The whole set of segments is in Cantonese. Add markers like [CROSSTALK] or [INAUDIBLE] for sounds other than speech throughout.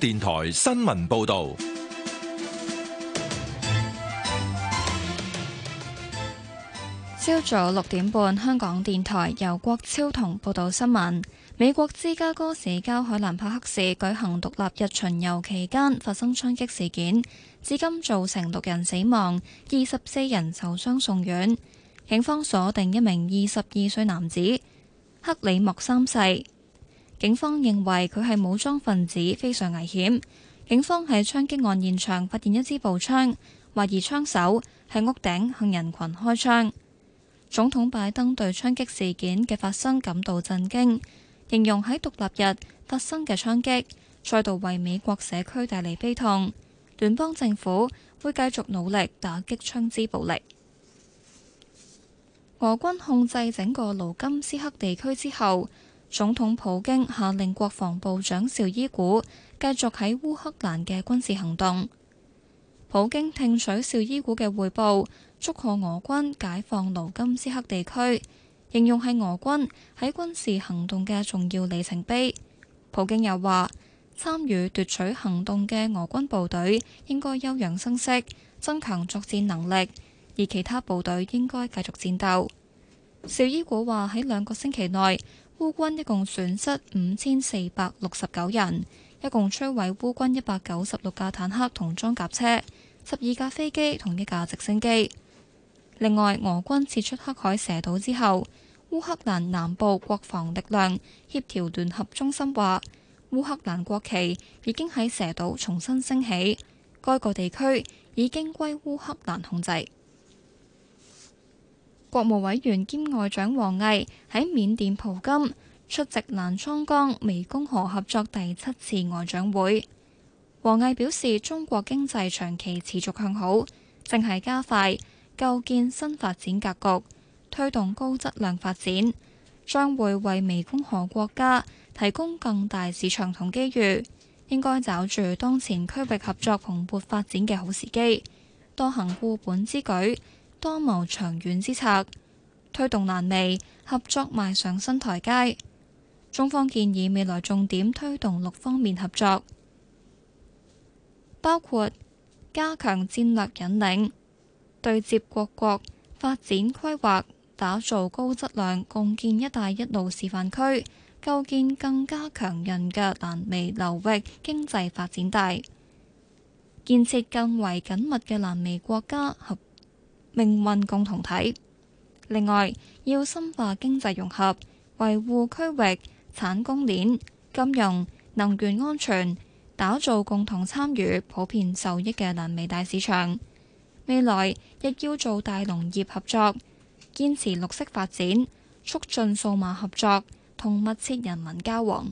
電台新聞報道，朝早六點半，香港電台由郭超同報道新聞。美國芝加哥市郊海蘭帕克市舉行獨立日巡遊期間發生槍擊事件，至今造成六人死亡、二十四人受傷送院。警方鎖定一名二十二歲男子，克里莫三世。警方認為佢係武裝分子，非常危險。警方喺槍擊案現場發現一支步槍，懷疑槍手喺屋頂向人群開槍。總統拜登對槍擊事件嘅發生感到震驚，形容喺獨立日發生嘅槍擊再度為美國社區帶嚟悲痛。聯邦政府會繼續努力打擊槍支暴力。俄軍控制整個盧金斯克地區之後，總統普京下令國防部長紹伊古繼續喺烏克蘭嘅軍事行動。普京聽取紹伊古嘅匯報，祝賀俄軍解放盧甘斯克地區，形容係俄軍喺軍事行動嘅重要里程碑。普京又話，參與奪取行動嘅俄軍部隊應該休養生息，增強作戰能力，而其他部隊應該繼續戰鬥。紹伊古話喺兩個星期內。烏軍一共損失五千四百六十九人，一共摧毀烏軍一百九十六架坦克同裝甲車、十二架飛機同一架直升機。另外，俄軍撤出黑海蛇島之後，烏克蘭南部國防力量協調聯合中心話，烏克蘭國旗已經喺蛇島重新升起，該個地區已經歸烏克蘭控制。國務委員兼外長王毅喺緬甸蒲金出席瀾滄江湄公河合作第七次外長會。王毅表示，中國經濟長期持續向好，正係加快構建新發展格局，推動高質量發展，將會為湄公河國家提供更大市場同機遇。應該抓住當前區域合作蓬勃發展嘅好時機，多行固本之舉。多謀長遠之策，推動南美合作邁上新台階。中方建議未來重點推動六方面合作，包括加強戰略引領，對接各國發展規劃，打造高質量共建“一帶一路”示範區，構建更加強韌嘅南美流域經濟發展帶，建設更為緊密嘅南美國家合命運共同體。另外，要深化經濟融合，維護區域產供鏈、金融、能源安全，打造共同參與、普遍受益嘅南美大市場。未來亦要做大農業合作，堅持綠色發展，促進數碼合作同密切人民交往。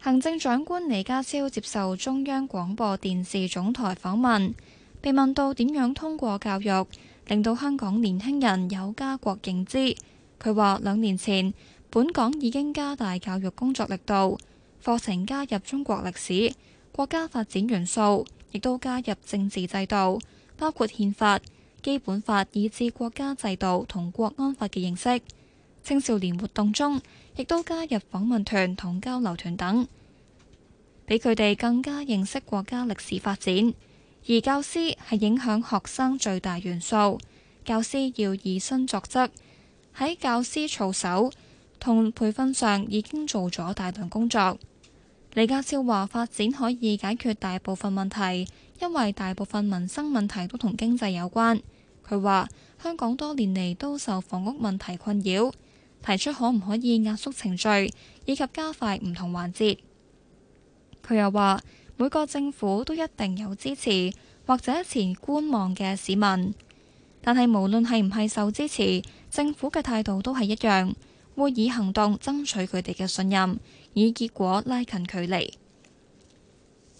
行政長官李家超接受中央廣播電視總台訪問。被問到點樣通過教育令到香港年輕人有家國認知，佢話兩年前本港已經加大教育工作力度，課程加入中國歷史、國家發展元素，亦都加入政治制度，包括憲法、基本法以至國家制度同國安法嘅認識。青少年活動中亦都加入訪問團同交流團等，畀佢哋更加認識國家歷史發展。而教師係影響學生最大元素，教師要以身作則。喺教師操守同培訓上已經做咗大量工作。李家超話：發展可以解決大部分問題，因為大部分民生問題都同經濟有關。佢話：香港多年嚟都受房屋問題困擾，提出可唔可以壓縮程序，以及加快唔同環節。佢又話：每個政府都一定有支持，或者前觀望嘅市民，但係無論係唔係受支持，政府嘅態度都係一樣，會以行動爭取佢哋嘅信任，以結果拉近距離。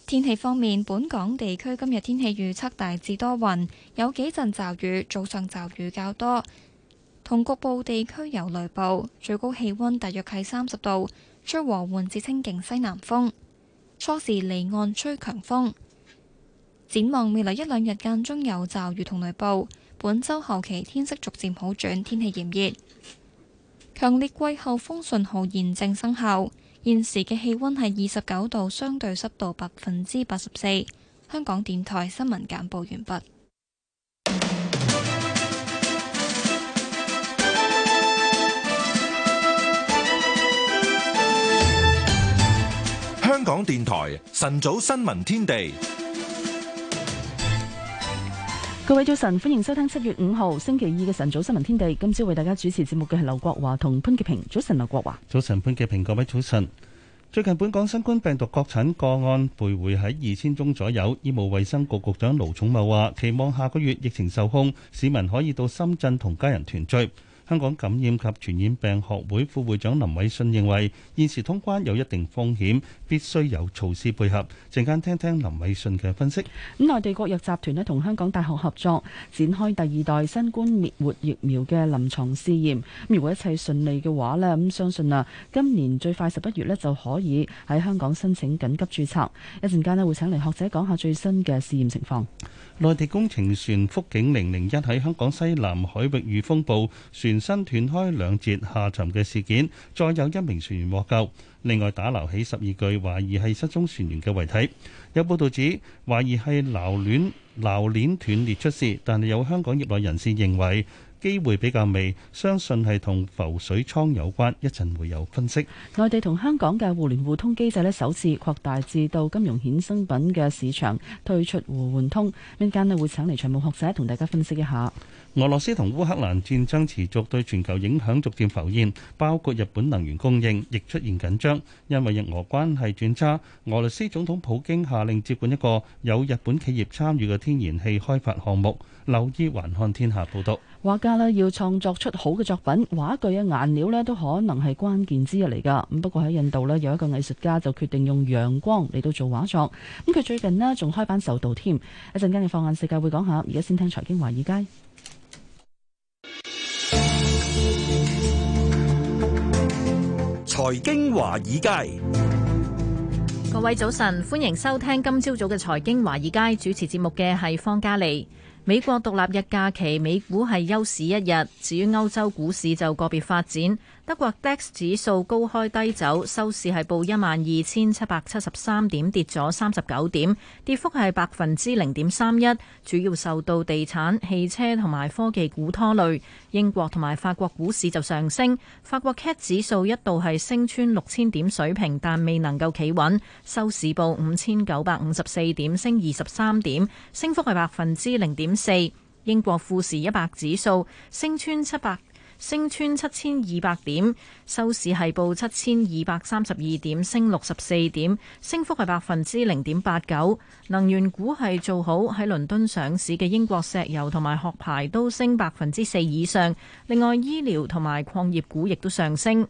天氣方面，本港地區今日天氣預測，大致多雲，有幾陣驟雨，早上驟雨較多，同局部地區有雷暴。最高氣温大約係三十度，吹和緩至清勁西南風，初時離岸吹強風。展望未來一兩日，間中有驟雨同雷暴，本周後期天色逐漸好轉，天氣炎熱。強烈季候風信號現正生效，現時嘅氣温係二十九度，相對濕度百分之八十四。香港電台新聞簡報完畢。香港電台晨早新聞天地。各位早晨，歡迎收聽七月五號星期二嘅晨早新聞天地。今朝為大家主持節目嘅係劉國華同潘潔平。早晨，劉國華。早晨，潘潔平。各位早晨。最近本港新冠病毒確診個案徘徊喺二千宗左右，醫務衛生局局長盧寵茂話，期望下個月疫情受控，市民可以到深圳同家人團聚。香港感染及傳染病學會副會長林偉信認為現時通關有一定風險，必須有措施配合。陣間聽聽林偉信嘅分析。咁，內地國藥集團咧同香港大學合作，展開第二代新冠滅活疫苗嘅臨床試驗，咁，如果一切順利嘅話，咧，咁相信啊，今年最快十一月咧就可以喺香港申請緊急注冊。一陣間咧會請嚟學者講下最新嘅試驗情況。內地工程船福景零零一喺香港西南海域遇風暴，船身斷開兩截下沉嘅事件，再有一名船員獲救。另外打撈起十二具懷疑係失蹤船員嘅遺體。有報導指懷疑係錨鏈錨鏈斷裂出事，但係有香港業內人士認為，機會比較微，相信係同浮水倉有關。一陣會有分析。內地同香港嘅互聯互通機制咧，首次擴大至到金融衍生品嘅市場推出互換通。一間咧會請嚟財務學者同大家分析一下。俄羅斯同烏克蘭戰爭持續，對全球影響逐漸浮現，包括日本能源供應亦出現緊張，因為日俄關係轉差。俄羅斯總統普京下令接管一個有日本企業參與嘅天然氣開發項目。留意《環看天下》報道。畫家咧要創作出好嘅作品，畫具啊顏料咧都可能係關鍵之一嚟噶。咁不過喺印度咧，有一個藝術家就決定用陽光嚟到做畫作。咁佢最近咧仲開班授道添。一陣間你放眼世界會講下，而家先聽財經華爾街。財經華爾街，各位早晨，歡迎收聽今朝早嘅財經華爾街。主持節目嘅係方嘉利。美國獨立日假期，美股係休市一日，至於歐洲股市就個別發展。德國 DAX 指數高開低走，收市係報一萬二千七百七十三點，跌咗三十九點，跌幅係百分之零點三一，主要受到地產、汽車同埋科技股拖累。英國同埋法國股市就上升，法國 CAC 指數一度係升穿六千點水平，但未能夠企穩，收市報五千九百五十四點，升二十三點，升幅係百分之零點四。英國富時一百指數升穿七百。升穿七千二百點，收市係報七千二百三十二點，升六十四點，升幅係百分之零點八九。能源股係做好，喺倫敦上市嘅英國石油同埋殼牌都升百分之四以上。另外，醫療同埋礦業股亦都上升。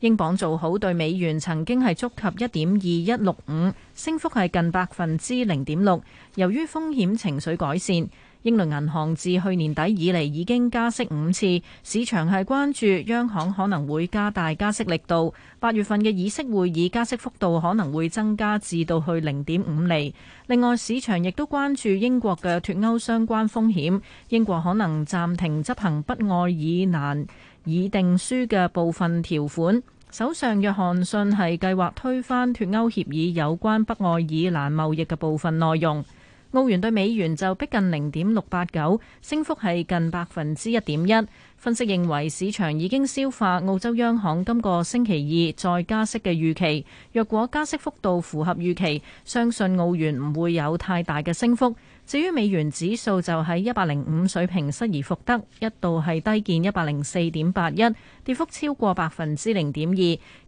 英鎊做好對美元，曾經係觸及一點二一六五，升幅係近百分之零點六。由於風險情緒改善。英倫銀行自去年底以嚟已經加息五次，市場係關注央行可能會加大加息力度。八月份嘅議息會議加息幅度可能會增加至到去零點五厘。另外，市場亦都關注英國嘅脫歐相關風險，英國可能暫停執行北愛爾蘭議定書嘅部分條款。首相約翰遜係計劃推翻脫歐協議有關北愛爾蘭貿易嘅部分內容。澳元對美元就逼近零點六八九，升幅係近百分之一點一。分析認為市場已經消化澳洲央行今個星期二再加息嘅預期。若果加息幅度符合預期，相信澳元唔會有太大嘅升幅。至於美元指數就喺一百零五水平失而復得，一度係低見一百零四點八一，跌幅超過百分之零點二，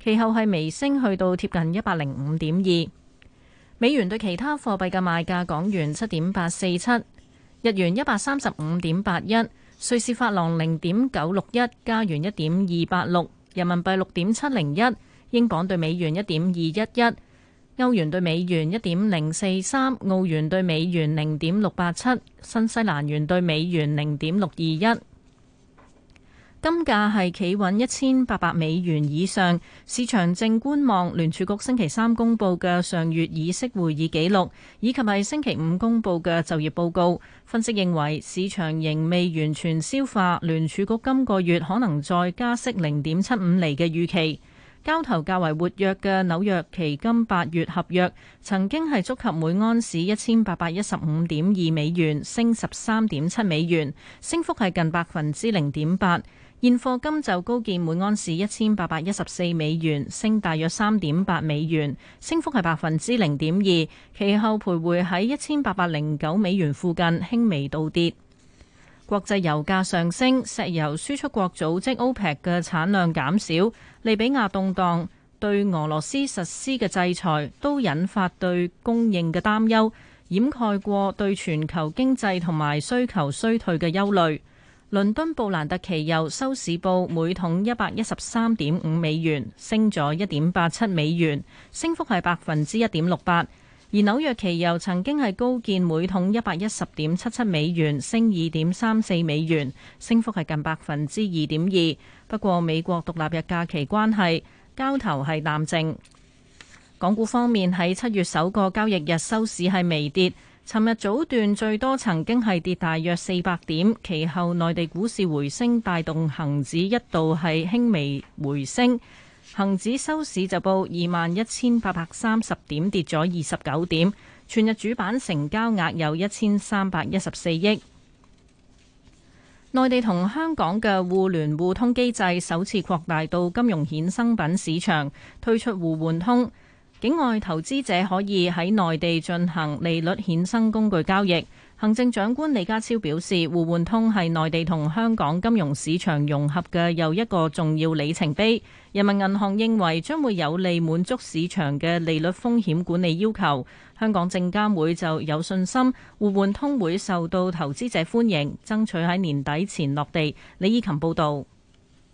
其後係微升去到貼近一百零五點二。美元對其他貨幣嘅賣價：港元七點八四七，日元一百三十五點八一，瑞士法郎零點九六一，加元一點二八六，人民幣六點七零一，英鎊對美元一點二一一，歐元對美元一點零四三，澳元對美元零點六八七，新西蘭元對美元零點六二一。金價係企穩一千八百美元以上，市場正觀望聯儲局星期三公布嘅上月議息會議記錄，以及係星期五公布嘅就業報告。分析認為，市場仍未完全消化聯儲局今個月可能再加息零點七五厘嘅預期。交投較為活躍嘅紐約期金八月合約曾經係觸及每安士一千八百一十五點二美元，升十三點七美元，升幅係近百分之零點八。現貨金就高見每安士一千八百一十四美元，升大約三點八美元，升幅係百分之零點二。其後徘徊喺一千八百零九美元附近，輕微倒跌。國際油價上升，石油輸出國組織 OPEC 嘅產量減少，利比亞動盪，對俄羅斯實施嘅制裁都引發對供應嘅擔憂，掩蓋過對全球經濟同埋需求衰退嘅憂慮。倫敦布蘭特期油收市報每桶一百一十三點五美元，升咗一點八七美元，升幅係百分之一點六八。而紐約期油曾經係高見每桶一百一十點七七美元，升二點三四美元，升幅係近百分之二點二。不過美國獨立日假期關係，交投係淡靜。港股方面喺七月首個交易日收市係微跌。尋日早段最多曾經係跌大約四百點，其後內地股市回升，帶動恒指一度係輕微回升，恒指收市就報二萬一千八百三十點，跌咗二十九點。全日主板成交額有一千三百一十四億。內地同香港嘅互聯互通機制首次擴大到金融衍生品市場，推出互換通。境外投資者可以喺內地進行利率衍生工具交易。行政長官李家超表示，互換通係內地同香港金融市場融合嘅又一個重要里程碑。人民銀行認為將會有利滿足市場嘅利率風險管理要求。香港證監會就有信心，互換通會受到投資者歡迎，爭取喺年底前落地。李依琴報導。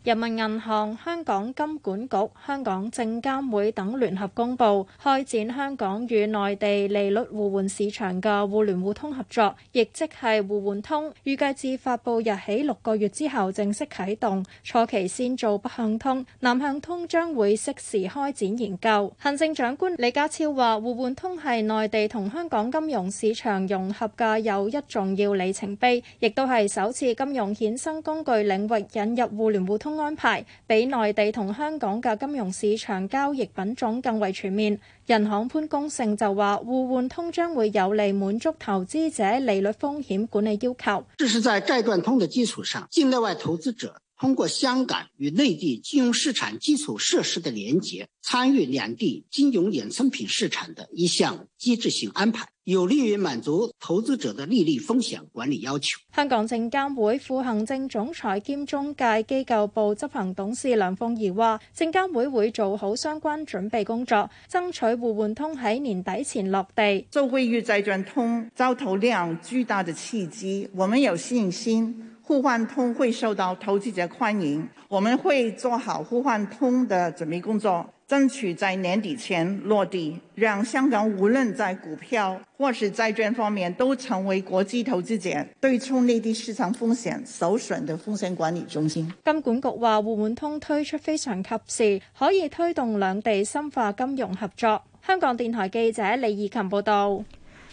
人民銀行、香港金管局、香港證監會等聯合公布，開展香港與內地利率互換市場嘅互聯互通合作，亦即係互換通。預計自發布日起六個月之後正式啟動，初期先做北向通，南向通將會適時開展研究。行政長官李家超話：互換通係內地同香港金融市場融合嘅又一重要里程碑，亦都係首次金融衍生工具領域引入互聯互通。安排比內地同香港嘅金融市場交易品種更為全面。人行潘功勝就話，互換通將會有利滿足投資者利率風險管理要求。這是在債券通嘅基礎上，境內外投資者。通過香港與內地金融市場基礎設施的連接，參與兩地金融衍生品市場的一項機制性安排，有利於滿足投資者的利率風險管理要求。香港證監會副行政總裁兼中介機構部執行董事梁鳳儀話，證監會會做好相關準備工作，爭取互換通喺年底前落地。作為於債券通，交投量巨大的契機，我們有信心。互換通會受到投資者歡迎，我們會做好互換通的準備工作，爭取在年底前落地，讓香港無論在股票或是債券方面都成為國際投資者對沖內地市場風險首選的風險管理中心。金管局話，互換通推出非常及時，可以推動兩地深化金融合作。香港電台記者李怡琴報道。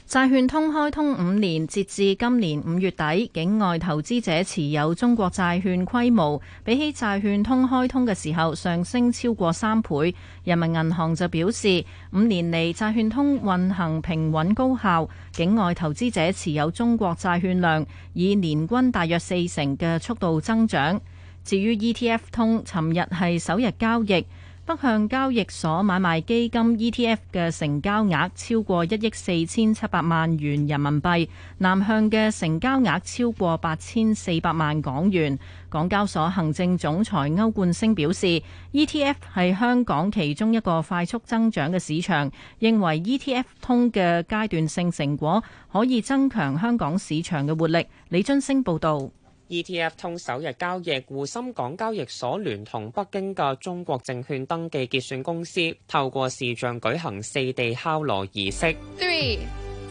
債券通開通五年，截至今年五月底，境外投資者持有中國債券規模，比起債券通開通嘅時候上升超過三倍。人民銀行就表示，五年嚟債券通運行平穩高效，境外投資者持有中國債券量以年均大約四成嘅速度增長。至於 ETF 通，尋日係首日交易。北向交易所買賣基金 ETF 嘅成交額超過一億四千七百萬元人民幣，南向嘅成交額超過八千四百萬港元。港交所行政總裁歐冠昇表示，ETF 係香港其中一個快速增長嘅市場，認為 ETF 通嘅階段性成果可以增強香港市場嘅活力。李津升報道。ETF 通首日交易，滬深港交易所聯同北京嘅中國證券登記結算公司，透過視像舉行四地敲鑼儀式。Three,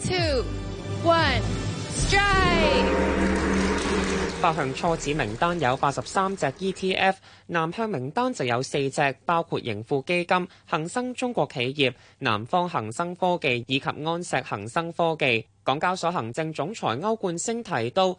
two, one, strike! 北向初始名單有八十三隻 ETF，南向名單就有四隻，包括盈富基金、恒生中國企業、南方恒生科技以及安石恒生科技。港交所行政總裁歐冠昇提到。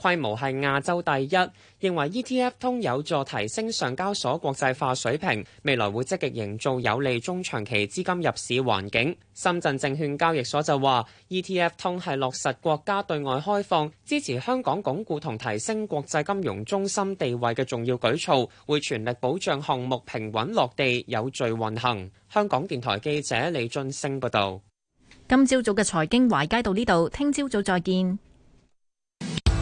規模係亞洲第一，認為 ETF 通有助提升上交所國際化水平，未來會積極營造有利中長期資金入市環境。深圳證券交易所就話，ETF 通係落實國家對外開放、支持香港鞏固同提升國際金融中心地位嘅重要舉措，會全力保障項目平穩落地、有序運行。香港電台記者李俊升報道。今朝早嘅財經懷街到呢度，聽朝早再見。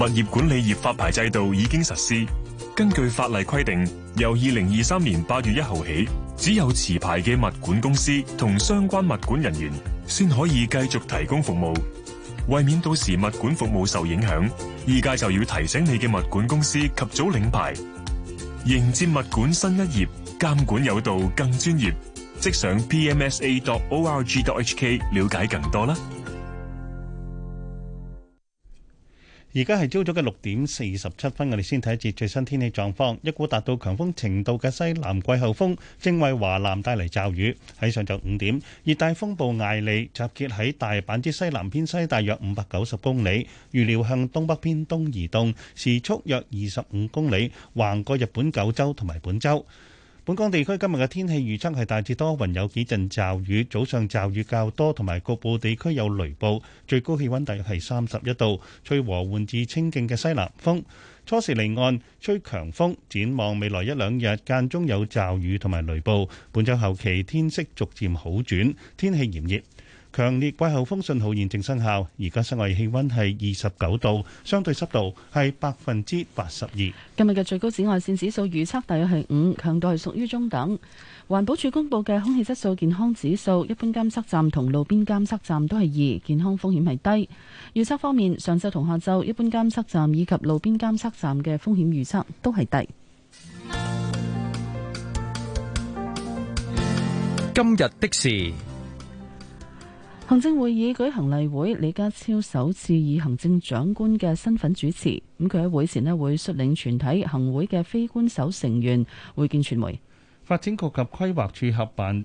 物業管理業發牌制度已經實施，根據法例規定，由二零二三年八月一號起，只有持牌嘅物管公司同相關物管人員，先可以繼續提供服務。為免到時物管服務受影響，依家就要提醒你嘅物管公司及早領牌，迎接物管新一頁，監管有道更專業。即上 pmsa.org.hk 了解更多啦。而家係朝早嘅六點四十七分，我哋先睇一節最新天氣狀況。一股達到強風程度嘅西南季候風，正為華南帶嚟驟雨。喺上晝五點，熱帶風暴艾利集結喺大阪之西南偏西大約五百九十公里，預料向東北偏東移動，時速約二十五公里，橫過日本九州同埋本州。本港地區今日嘅天氣預測係大致多雲有幾陣驟雨，早上驟雨較多，同埋局部地區有雷暴，最高氣溫大約係三十一度，吹和緩至清勁嘅西南風，初時離岸吹強風，展望未來一兩日間中有驟雨同埋雷暴，本週後期天色逐漸好轉，天氣炎熱。強烈季候風信號現正生效，而家室外氣溫係二十九度，相對濕度係百分之八十二。今日嘅最高紫外線指數預測大約係五，強度係屬於中等。環保署公布嘅空氣質素健康指數，一般監測站同路邊監測站都係二，健康風險係低。預測方面，上晝同下晝一般監測站以及路邊監測站嘅風險預測都係低。今日的事。行政會議舉行例會，李家超首次以行政長官嘅身份主持。咁佢喺會前呢會率領全體行會嘅非官守成員會見傳媒。發展局及規劃署合辦《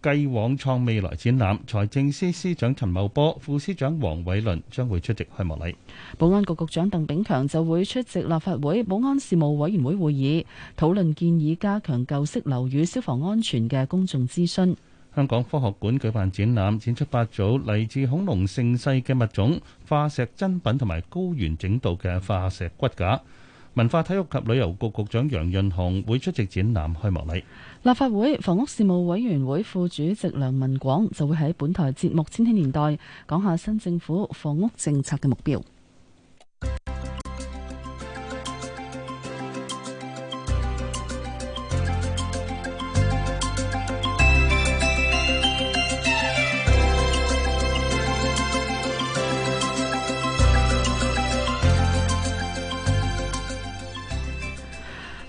繼往創未來》展覽，財政司司長陳茂波、副司長黃偉綸將會出席開幕禮。保安局局長鄧炳強就會出席立法會保安事務委員會會議，討論建議加強舊式樓宇消防安全嘅公眾諮詢。香港科學館舉辦展覽，展出八組嚟自恐龍盛世嘅物種化石珍品，同埋高完整度嘅化石骨架。文化體育及旅遊局局長楊潤雄會出席展覽開幕禮。立法會房屋事務委員會副主席梁文廣就會喺本台節目《千禧年代》講下新政府房屋政策嘅目標。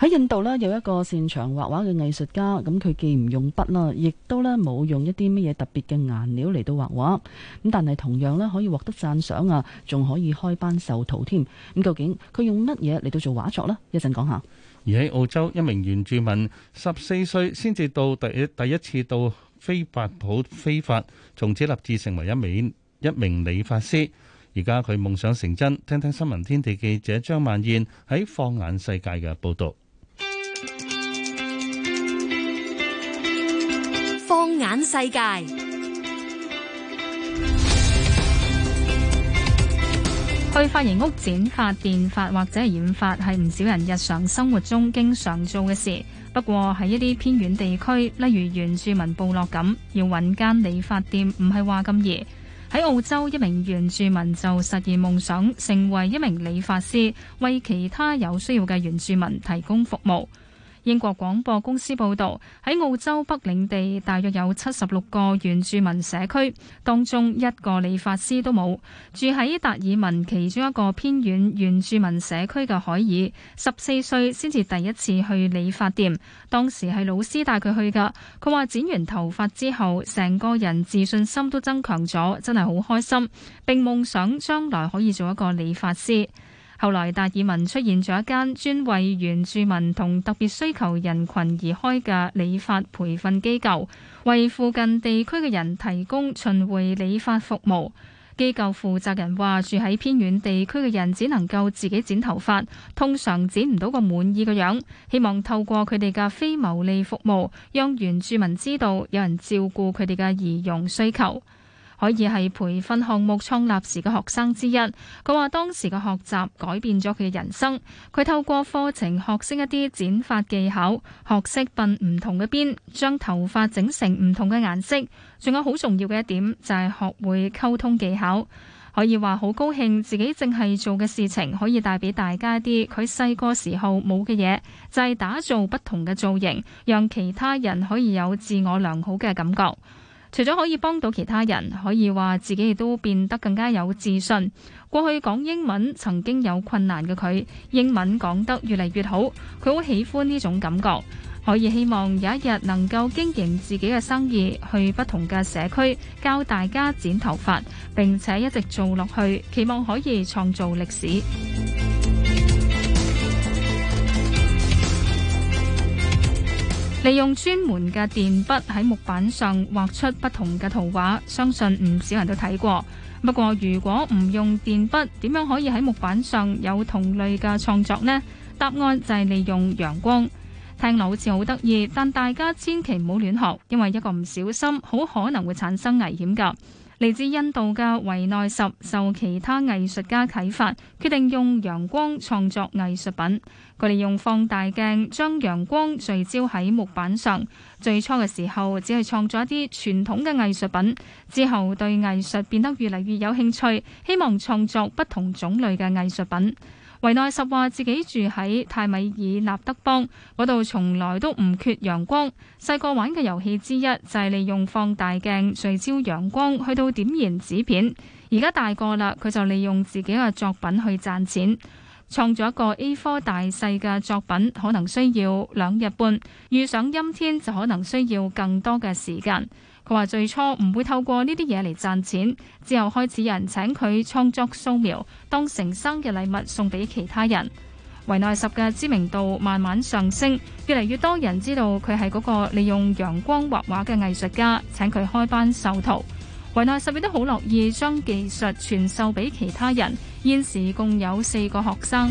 喺印度呢，有一個擅長畫畫嘅藝術家，咁佢既唔用筆啦，亦都咧冇用一啲乜嘢特別嘅顏料嚟到畫畫，咁但係同樣咧可以獲得讚賞啊，仲可以開班授徒添。咁究竟佢用乜嘢嚟到做畫作呢？一陣講下。而喺澳洲，一名原住民十四歲先至到第第一次到非法普非法，從此立志成為一名一名理髮師。而家佢夢想成真，聽聽新聞天地記者張萬燕喺放眼世界嘅報道。放眼世界，去髮型屋剪髮、電髮或者染髮係唔少人日常生活中經常做嘅事。不過喺一啲偏遠地區，例如原住民部落咁，要揾間理髮店唔係話咁易。喺澳洲，一名原住民就實現夢想，成為一名理髮師，為其他有需要嘅原住民提供服務。英國廣播公司報導，喺澳洲北領地，大約有七十六個原住民社區，當中一個理髮師都冇。住喺達爾文其中一個偏遠原住民社區嘅海爾，十四歲先至第一次去理髮店，當時係老師帶佢去㗎。佢話剪完頭髮之後，成個人自信心都增強咗，真係好開心，並夢想將來可以做一個理髮師。後來，達爾文出現咗一間專為原住民同特別需求人群而開嘅理髮培訓機構，為附近地區嘅人提供巡回理髮服務。機構負責人話：住喺偏遠地區嘅人只能夠自己剪頭髮，通常剪唔到個滿意嘅樣。希望透過佢哋嘅非牟利服務，讓原住民知道有人照顧佢哋嘅儀容需求。可以係培訓項目創立時嘅學生之一，佢話當時嘅學習改變咗佢嘅人生。佢透過課程學識一啲剪髮技巧，學識笨唔同嘅邊，將頭髮整成唔同嘅顏色。仲有好重要嘅一點就係學會溝通技巧。可以話好高興自己淨係做嘅事情可以帶俾大家啲佢細個時候冇嘅嘢，就係打造不同嘅造型，讓其他人可以有自我良好嘅感覺。除咗可以幫到其他人，可以話自己亦都變得更加有自信。過去講英文曾經有困難嘅佢，英文講得越嚟越好，佢好喜歡呢種感覺。可以希望有一日能夠經營自己嘅生意，去不同嘅社區教大家剪頭髮，並且一直做落去，期望可以創造歷史。利用專門嘅電筆喺木板上畫出不同嘅圖畫，相信唔少人都睇過。不過如果唔用電筆，點樣可以喺木板上有同類嘅創作呢？答案就係利用陽光。聽落好似好得意，但大家千祈唔好亂學，因為一個唔小心，好可能會產生危險㗎。嚟自印度嘅維奈什受其他藝術家啟發，決定用陽光創作藝術品。佢哋用放大鏡將陽光聚焦喺木板上。最初嘅時候，只係創作一啲傳統嘅藝術品。之後對藝術變得越嚟越有興趣，希望創作不同種類嘅藝術品。維內什話：自己住喺泰米爾納德邦，嗰度從來都唔缺陽光。細個玩嘅遊戲之一就係利用放大鏡聚焦陽光去到點燃紙片。而家大個啦，佢就利用自己嘅作品去賺錢。創造一個 A4 大細嘅作品，可能需要兩日半。遇上陰天就可能需要更多嘅時間。佢話最初唔會透過呢啲嘢嚟賺錢，之後開始有人請佢創作素描，當成生日禮物送俾其他人。維奈十嘅知名度慢慢上升，越嚟越多人知道佢係嗰個利用陽光畫畫嘅藝術家，請佢開班授徒。維奈十亦都好樂意將技術傳授俾其他人，現時共有四個學生。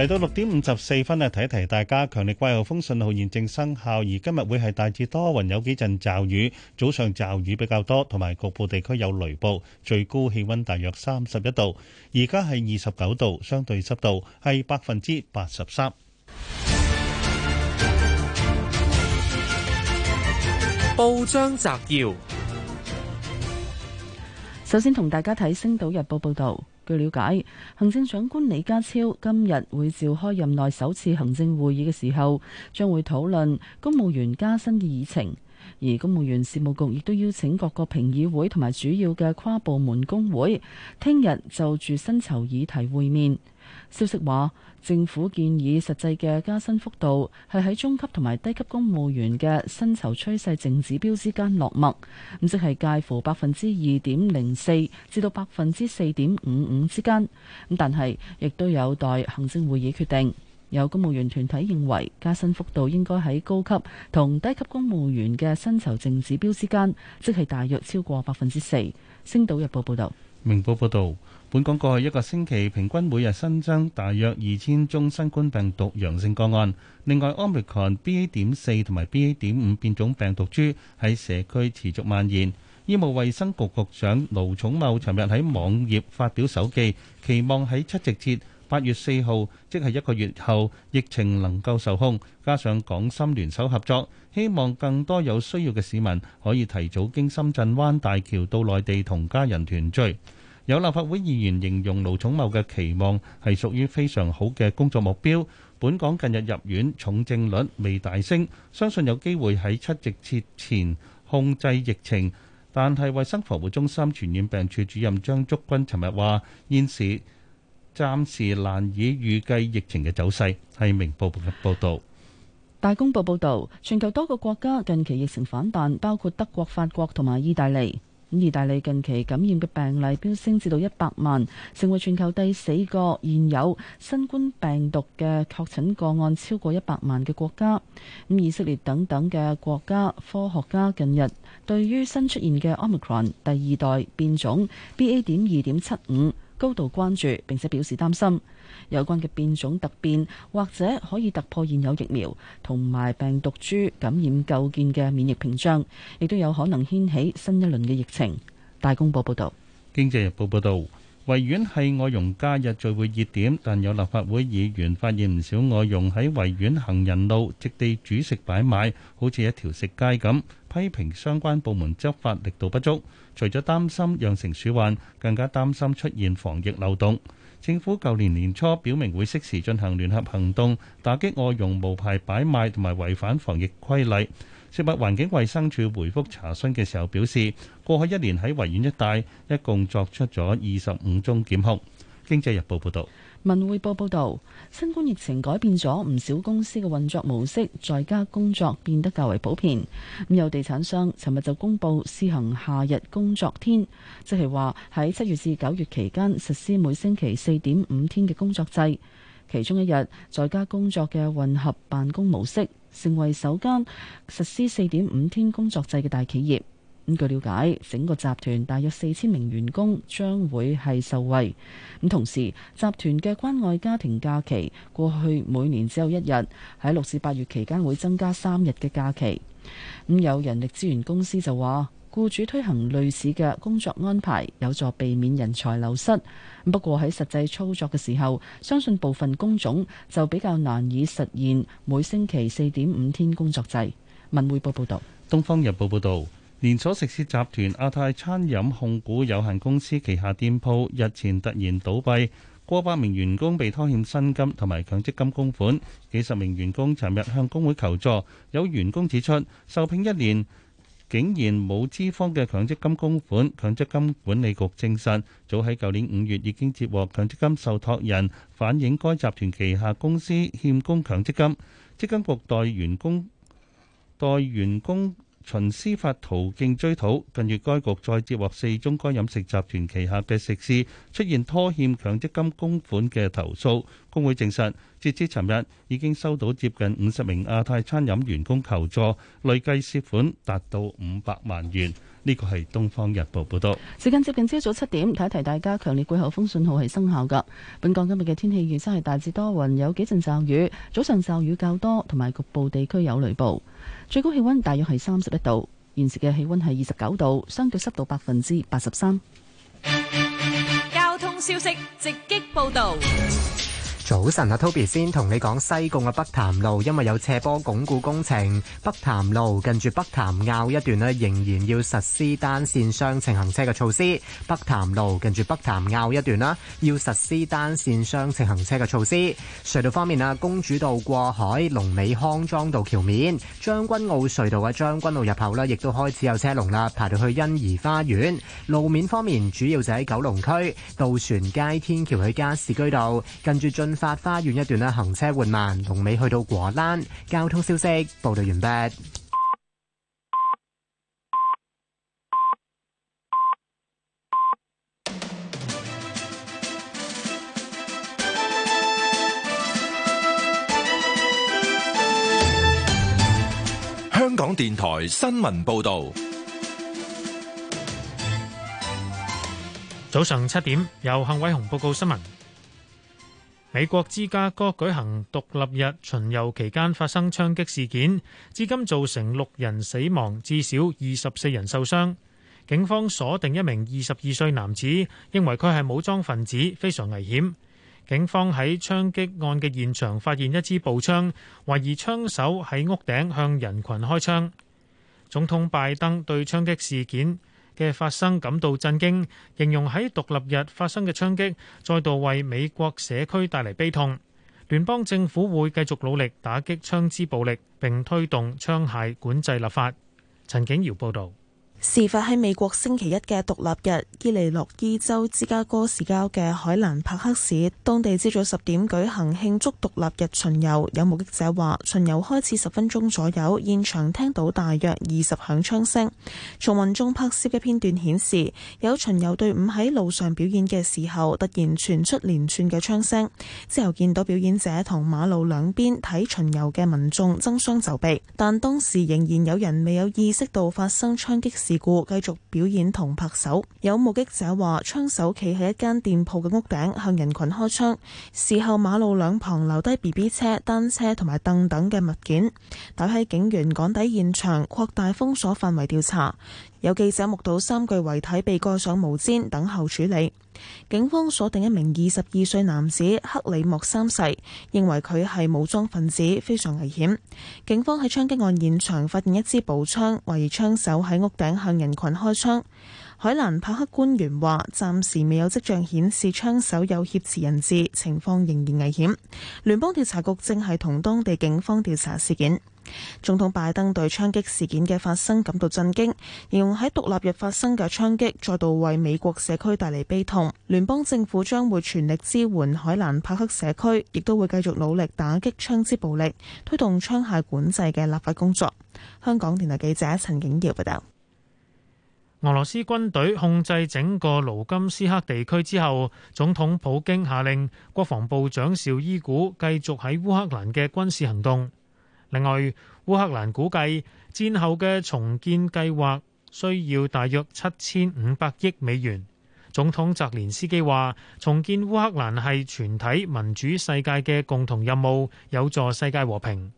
嚟到六點五十四分啊，提一提大家，強烈季候風信號現正生效，而今日會係大致多雲，有幾陣驟雨，早上驟雨比較多，同埋局部地區有雷暴，最高氣温大約三十一度，而家係二十九度，相對濕度係百分之八十三。報章摘要，首先同大家睇《星島日報》報導。據了解，行政長官李家超今日會召開任內首次行政會議嘅時候，將會討論公務員加薪嘅議程，而公務員事務局亦都邀請各個評議會同埋主要嘅跨部門工會，聽日就住薪酬議題會面。消息話，政府建議實際嘅加薪幅度係喺中級同埋低級公務員嘅薪酬趨勢淨指標之間落墨，咁即係介乎百分之二點零四至到百分之四點五五之間。咁但係亦都有待行政會議決定。有公務員團體認為，加薪幅度應該喺高級同低級公務員嘅薪酬淨指標之間，即係大約超過百分之四。星島日報報導。明報報導，本港過去一個星期平均每日新增大約二千宗新冠病毒陽性個案。另外，Omicron BA. 點四同埋 BA. 點五變種病毒株喺社區持續蔓延。醫務衛生局局長盧寵茂尋日喺網頁發表手記，期望喺七夕節，八月四號，即係一個月後，疫情能夠受控，加上港深聯手合作，希望更多有需要嘅市民可以提早經深圳灣大橋到內地同家人團聚。有立法會議員形容盧寵茂嘅期望係屬於非常好嘅工作目標。本港近日入院重症率未大升，相信有機會喺七夕節前控制疫情。但係衞生防護中心傳染病處主任張竹君尋日話，現時。暫時難以預計疫情嘅走勢。係明報嘅報導。大公報報道，全球多個國家近期疫情反彈，包括德國、法國同埋意大利。咁意大利近期感染嘅病例飆升至到一百萬，成為全球第四個現有新冠病毒嘅確診個案超過一百萬嘅國家。咁以色列等等嘅國家科學家近日對於新出現嘅 Omicron 第二代變種 BA. 點二點七五。高度關注，並且表示擔心有關嘅變種突變，或者可以突破現有疫苗同埋病毒株感染構建嘅免疫屏障，亦都有可能掀起新一輪嘅疫情。大公報報道。《經濟日報》報道，維園係外傭假日聚會熱點，但有立法會議員發現唔少外傭喺維園行人路直地煮食擺賣，好似一條食街咁，批評相關部門執法力度不足。除咗擔心釀成鼠患，更加擔心出現防疫漏洞。政府舊年年初表明會適時進行聯合行動，打擊外傭無牌擺賣同埋違反防疫規例。食物環境衞生署回覆查詢嘅時候表示，過去一年喺維園一帶一共作出咗二十五宗檢控。經濟日報報導。文匯報報道，新冠疫情改變咗唔少公司嘅運作模式，在家工作變得較為普遍。咁有地產商尋日就公布施行夏日工作天，即係話喺七月至九月期間實施每星期四點五天嘅工作制，其中一日在家工作嘅混合辦公模式，成為首間實施四點五天工作制嘅大企業。據了解，整個集團大約四千名員工將會係受惠。咁同時，集團嘅關愛家庭假期過去每年只有一日，喺六至八月期間會增加三日嘅假期。咁有人力資源公司就話，雇主推行類似嘅工作安排，有助避免人才流失。不過喺實際操作嘅時候，相信部分工種就比較難以實現每星期四點五天工作制。文匯報報道。東方日報報道。連鎖食肆集團亞太餐飲控股有限公司旗下店鋪日前突然倒閉，過百名員工被拖欠薪金同埋強積金供款，幾十名員工尋日向工會求助。有員工指出，受聘一年竟然冇資方嘅強積金供款。強積金管理局證實，早喺舊年五月已經接獲強積金受託人反映該集團旗下公司欠供強積金。積金局代員工代員工。循司法途徑追討。近日該局再接獲四宗該飲食集團旗下嘅食肆出現拖欠強積金供款嘅投訴。工會證實，截至尋日已經收到接近五十名亞太餐飲員工求助，累計涉款達到五百萬元。呢個係《東方日報》報道。時間接近朝早七點，提一提大家，強烈季候風信號係生效噶。本港今日嘅天氣預測係大致多雲，有幾陣驟雨，早上驟雨較多，同埋局部地區有雷暴。最高氣溫大約係三十一度，現時嘅氣溫係二十九度，相對濕度百分之八十三。交通消息直擊報道。早晨啊，Toby 先同你講西貢嘅北潭路，因為有斜坡鞏固工程，北潭路近住北潭坳一段咧，仍然要實施單線雙程行車嘅措施。北潭路近住北潭坳一段啦，要實施單線雙程行車嘅措施。隧道方面啊，公主道過海、龍尾康莊道橋面、將軍澳隧道嘅將軍澳入口啦，亦都開始有車龍啦，排到去欣怡花園。路面方面主要就喺九龍區渡船街天橋去加士居道，跟住進法花園一段啦，行車緩慢，龍尾去到果欄。交通消息報道完畢。香港電台新聞報道，早上七點由幸偉雄報告新聞。美國芝加哥舉行獨立日巡遊期間發生槍擊事件，至今造成六人死亡，至少二十四人受傷。警方鎖定一名二十二歲男子，認為佢係武裝分子，非常危險。警方喺槍擊案嘅現場發現一支步槍，懷疑槍手喺屋頂向人群開槍。總統拜登對槍擊事件。嘅發生感到震驚，形容喺獨立日發生嘅槍擊再度為美國社區帶嚟悲痛。聯邦政府會繼續努力打擊槍支暴力，並推動槍械管制立法。陳景瑤報道。事發喺美國星期一嘅獨立日，伊利諾伊州芝加哥市郊嘅海蘭帕克市，當地朝早十點舉行慶祝獨立日巡遊。有目擊者話，巡遊開始十分鐘左右，現場聽到大約二十響槍聲。從民眾拍攝嘅片段顯示，有巡遊隊伍喺路上表演嘅時候，突然傳出連串嘅槍聲，之後見到表演者同馬路兩邊睇巡遊嘅民眾爭相就避，但當時仍然有人未有意識到發生槍擊。事故繼續表演同拍手，有目擊者話，槍手企喺一間店鋪嘅屋頂向人群開槍。事後馬路兩旁留低 BB 車、單車同埋凳等嘅物件，大批警員趕抵現場，擴大封鎖範圍調查。有記者目睹三具遺體被蓋上毛氈等候處理。警方鎖定一名二十二歲男子克里莫三世，認為佢係武裝分子，非常危險。警方喺槍擊案現場發現一支步槍，懷疑槍手喺屋頂向人群開槍。海南帕克官員話，暫時未有跡象顯示槍手有挾持人質情況，仍然危險。聯邦調查局正係同當地警方調查事件。總統拜登對槍擊事件嘅發生感到震驚，形容喺獨立日發生嘅槍擊再度為美國社區帶嚟悲痛。聯邦政府將會全力支援海蘭帕克社區，亦都會繼續努力打擊槍支暴力，推動槍械管制嘅立法工作。香港電台記者陳景耀報道。俄羅斯軍隊控制整個盧甘斯克地區之後，總統普京下令國防部長紹伊古繼續喺烏克蘭嘅軍事行動。另外，烏克蘭估計戰後嘅重建計劃需要大約七千五百億美元。總統澤連斯基話：重建烏克蘭係全體民主世界嘅共同任務，有助世界和平。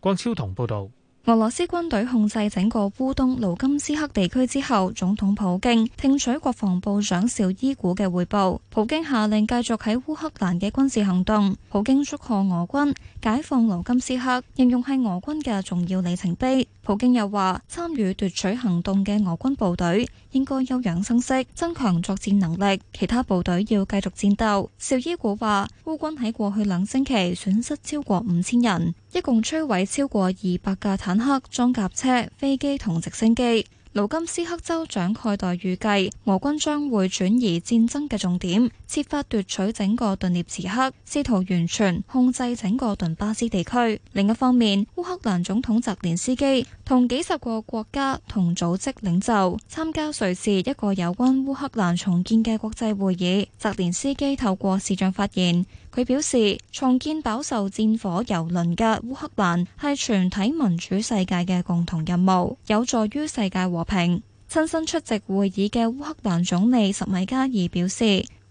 郭超同報道。俄羅斯軍隊控制整個烏東盧甘斯克地區之後，總統普京聽取國防部長紹伊古嘅匯報。普京下令繼續喺烏克蘭嘅軍事行動。普京祝賀俄軍解放盧甘斯克，形容係俄軍嘅重要里程碑。普京又話，參與奪取行動嘅俄軍部隊應該休養生息，增強作戰能力；其他部隊要繼續戰鬥。紹伊古話，烏軍喺過去兩星期損失超過五千人，一共摧毀超過二百架坦克、裝甲車、飛機同直升機。盧甘斯克州長蓋代預計，俄軍將會轉移戰爭嘅重點，設法奪取整個頓涅茨克，試圖完全控制整個頓巴斯地區。另一方面，烏克蘭總統澤連斯基同幾十個國家同組織領袖參加瑞士一個有關烏克蘭重建嘅國際會議。澤連斯基透過視像發言。佢表示，重建飽受戰火蹂躪嘅烏克蘭係全體民主世界嘅共同任務，有助於世界和平。親身出席會議嘅烏克蘭總理什米加爾表示，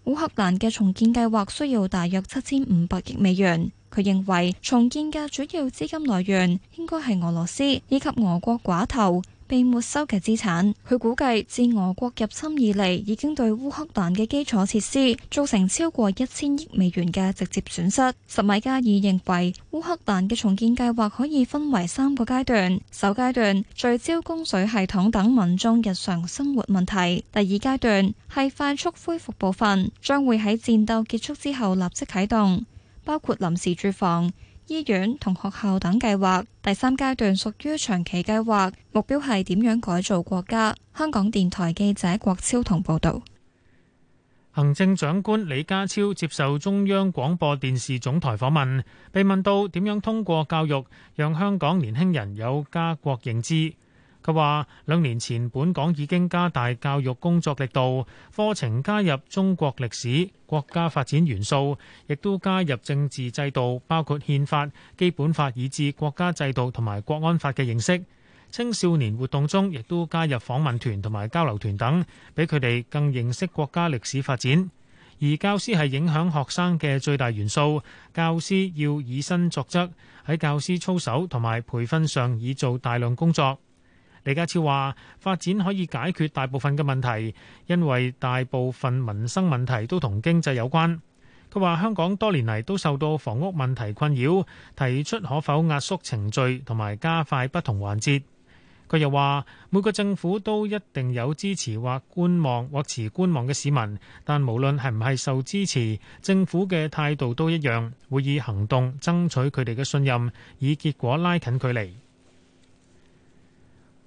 烏克蘭嘅重建計劃需要大約七千五百億美元。佢認為，重建嘅主要資金來源應該係俄羅斯以及俄國寡頭。被沒收嘅資產，佢估計自俄國入侵以嚟，已經對烏克蘭嘅基礎設施造成超過一千億美元嘅直接損失。十米加爾認為，烏克蘭嘅重建計劃可以分為三個階段：首階段聚焦供水系統等民眾日常生活問題；第二階段係快速恢復部分，將會喺戰鬥結束之後立即啟動，包括臨時住房、醫院同學校等計劃，第三階段屬於長期計劃，目標係點樣改造國家。香港電台記者郭超同報道。行政長官李家超接受中央廣播電視總台訪問，被問到點樣通過教育讓香港年輕人有家國認知。佢話：兩年前，本港已經加大教育工作力度，課程加入中國歷史、國家發展元素，亦都加入政治制度，包括憲法、基本法以至國家制度同埋國安法嘅認識。青少年活動中亦都加入訪問團同埋交流團等，俾佢哋更認識國家歷史發展。而教師係影響學生嘅最大元素，教師要以身作則，喺教師操守同埋培訓上，已做大量工作。李家超話：發展可以解決大部分嘅問題，因為大部分民生問題都同經濟有關。佢話香港多年嚟都受到房屋問題困擾，提出可否壓縮程序同埋加快不同環節。佢又話每個政府都一定有支持或觀望或持觀望嘅市民，但無論係唔係受支持，政府嘅態度都一樣，會以行動爭取佢哋嘅信任，以結果拉近距離。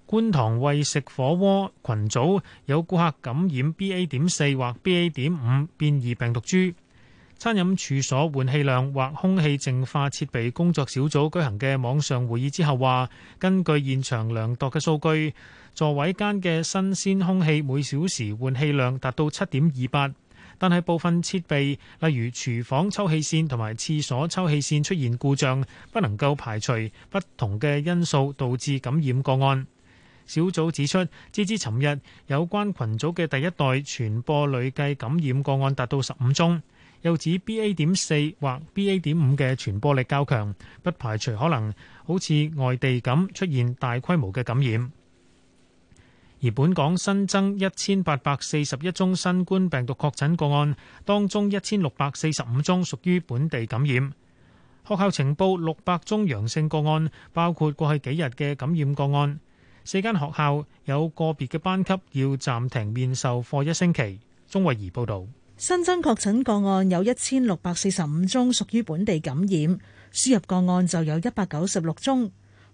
觀塘為食火鍋群組有顧客感染 BA 點四或 BA 點五變異病毒株。餐飲處所換氣量或空氣淨化設備工作小組舉行嘅網上會議之後，話根據現場量度嘅數據，座位間嘅新鮮空氣每小時換氣量達到七點二八，但係部分設備例如廚房抽氣扇同埋廁所抽氣扇，扇出現故障，不能夠排除不同嘅因素導致感染個案。小組指出，截至尋日，有關群組嘅第一代傳播累計感染個案達到十五宗。又指 BA 點四或 BA 點五嘅傳播力較強，不排除可能好似外地咁出現大規模嘅感染。而本港新增一千八百四十一宗新冠病毒確診個案，當中一千六百四十五宗屬於本地感染。學校呈報六百宗陽性個案，包括過去幾日嘅感染個案。四間學校有個別嘅班級要暫停面授課一星期。鐘慧儀報道，新增確診個案有一千六百四十五宗，屬於本地感染；輸入個案就有一百九十六宗。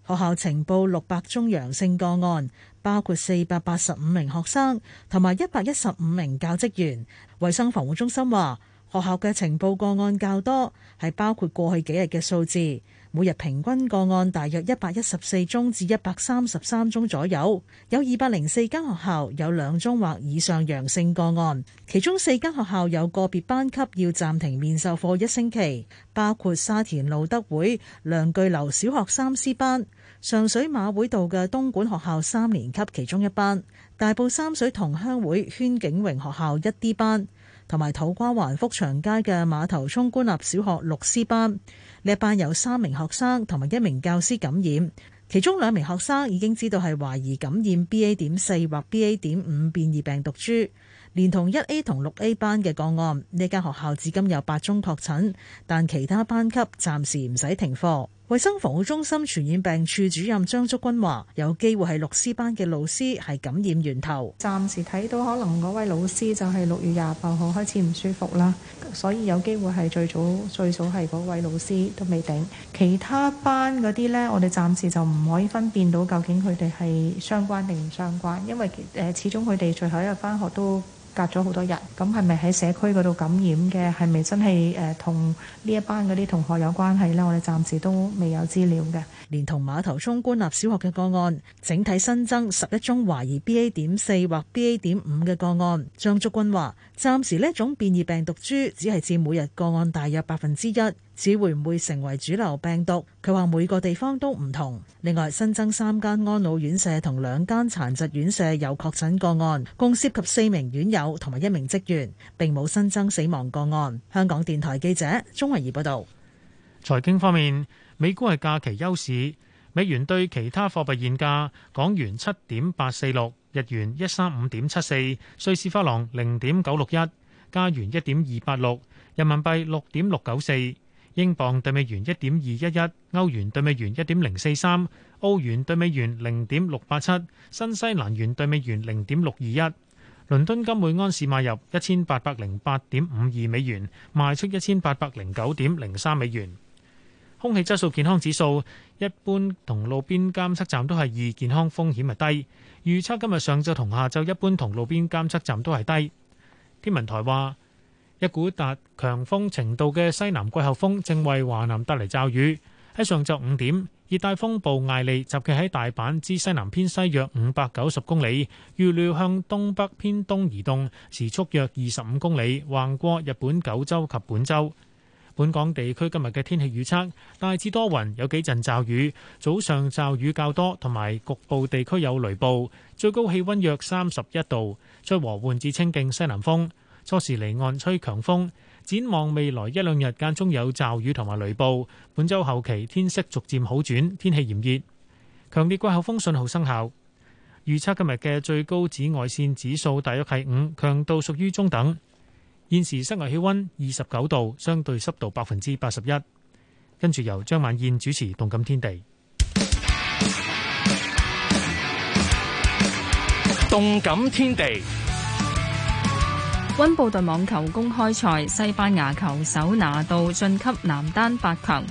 學校呈報六百宗陽性個案，包括四百八十五名學生同埋一百一十五名教職員。衛生防護中心話，學校嘅呈報個案較多，係包括過去幾日嘅數字。每日平均個案大約一百一十四宗至一百三十三宗左右，有二百零四間學校有兩宗或以上陽性個案，其中四間學校有個別班級要暫停面授課一星期，包括沙田路德會梁鉅鏐小學三 C 班、上水馬會道嘅東莞學校三年級其中一班、大埔三水同鄉會禤景榮學校一 D 班，同埋土瓜灣福祥街嘅馬頭涌官立小學六 C 班。呢一班有三名學生同埋一名教師感染，其中兩名學生已經知道係懷疑感染 BA 點四或 BA 點五變異病毒株，連同一 A 同六 A 班嘅個案。呢間學校至今有八宗確診，但其他班級暫時唔使停課。衛生防護中心傳染病處主任張竹君話，有機會係六師班嘅老師係感染源頭。暫時睇到可能嗰位老師就係六月廿八號開始唔舒服啦，所以有機會係最早最早係嗰位老師都未定。其他班嗰啲呢，我哋暫時就唔可以分辨到究竟佢哋係相關定唔相關，因為誒始終佢哋最後一日返學都。隔咗好多日，咁係咪喺社區嗰度感染嘅？係咪真係誒同呢一班嗰啲同學有關係呢？我哋暫時都未有資料嘅。連同馬頭涌官立小學嘅個案，整體新增十一宗懷疑 BA. 點四或 BA. 點五嘅個案。張竹君話。暫時呢一種變異病毒株只係佔每日個案大約百分之一，只會唔會成為主流病毒？佢話每個地方都唔同。另外新增三間安老院舍同兩間殘疾院舍有確診個案，共涉及四名院友同埋一名職員，並冇新增死亡個案。香港電台記者鍾慧儀報導。財經方面，美股係假期休市，美元對其他貨幣現價港元七點八四六。日元一三五點七四，瑞士法郎零點九六一，加元一點二八六，人民幣六點六九四，英鎊對美元一點二一一，歐元對美元一點零四三，澳元對美元零點六八七，新西蘭元對美元零點六二一。倫敦金每安士買入一千八百零八點五二美元，賣出一千八百零九點零三美元。空氣質素健康指數一般同路邊監測站都係二，健康風險係低，預測今日上晝同下晝一般同路邊監測站都係低。天文台話，一股達強風程度嘅西南季候風正為華南帶嚟驟雨。喺上晝五點，熱帶風暴艾利集結喺大阪至西南偏西約五百九十公里，預料向東北偏東移動，時速約二十五公里，橫過日本九州及本州。本港地區今日嘅天氣預測大致多雲，有幾陣驟雨，早上驟雨較多，同埋局部地區有雷暴，最高氣溫約三十一度，吹和緩至清勁西南風，初時離岸吹強風，展望未來一兩日間中有驟雨同埋雷暴，本周後期天色逐漸好轉，天氣炎熱，強烈季候風信號生效。預測今日嘅最高紫外線指數大約係五，強度屬於中等。現時室外氣溫二十九度，相對濕度百分之八十一。跟住由張曼燕主持《動感天地》。《動感天地》溫布頓網球公開賽，西班牙球手拿到晉級男單八強。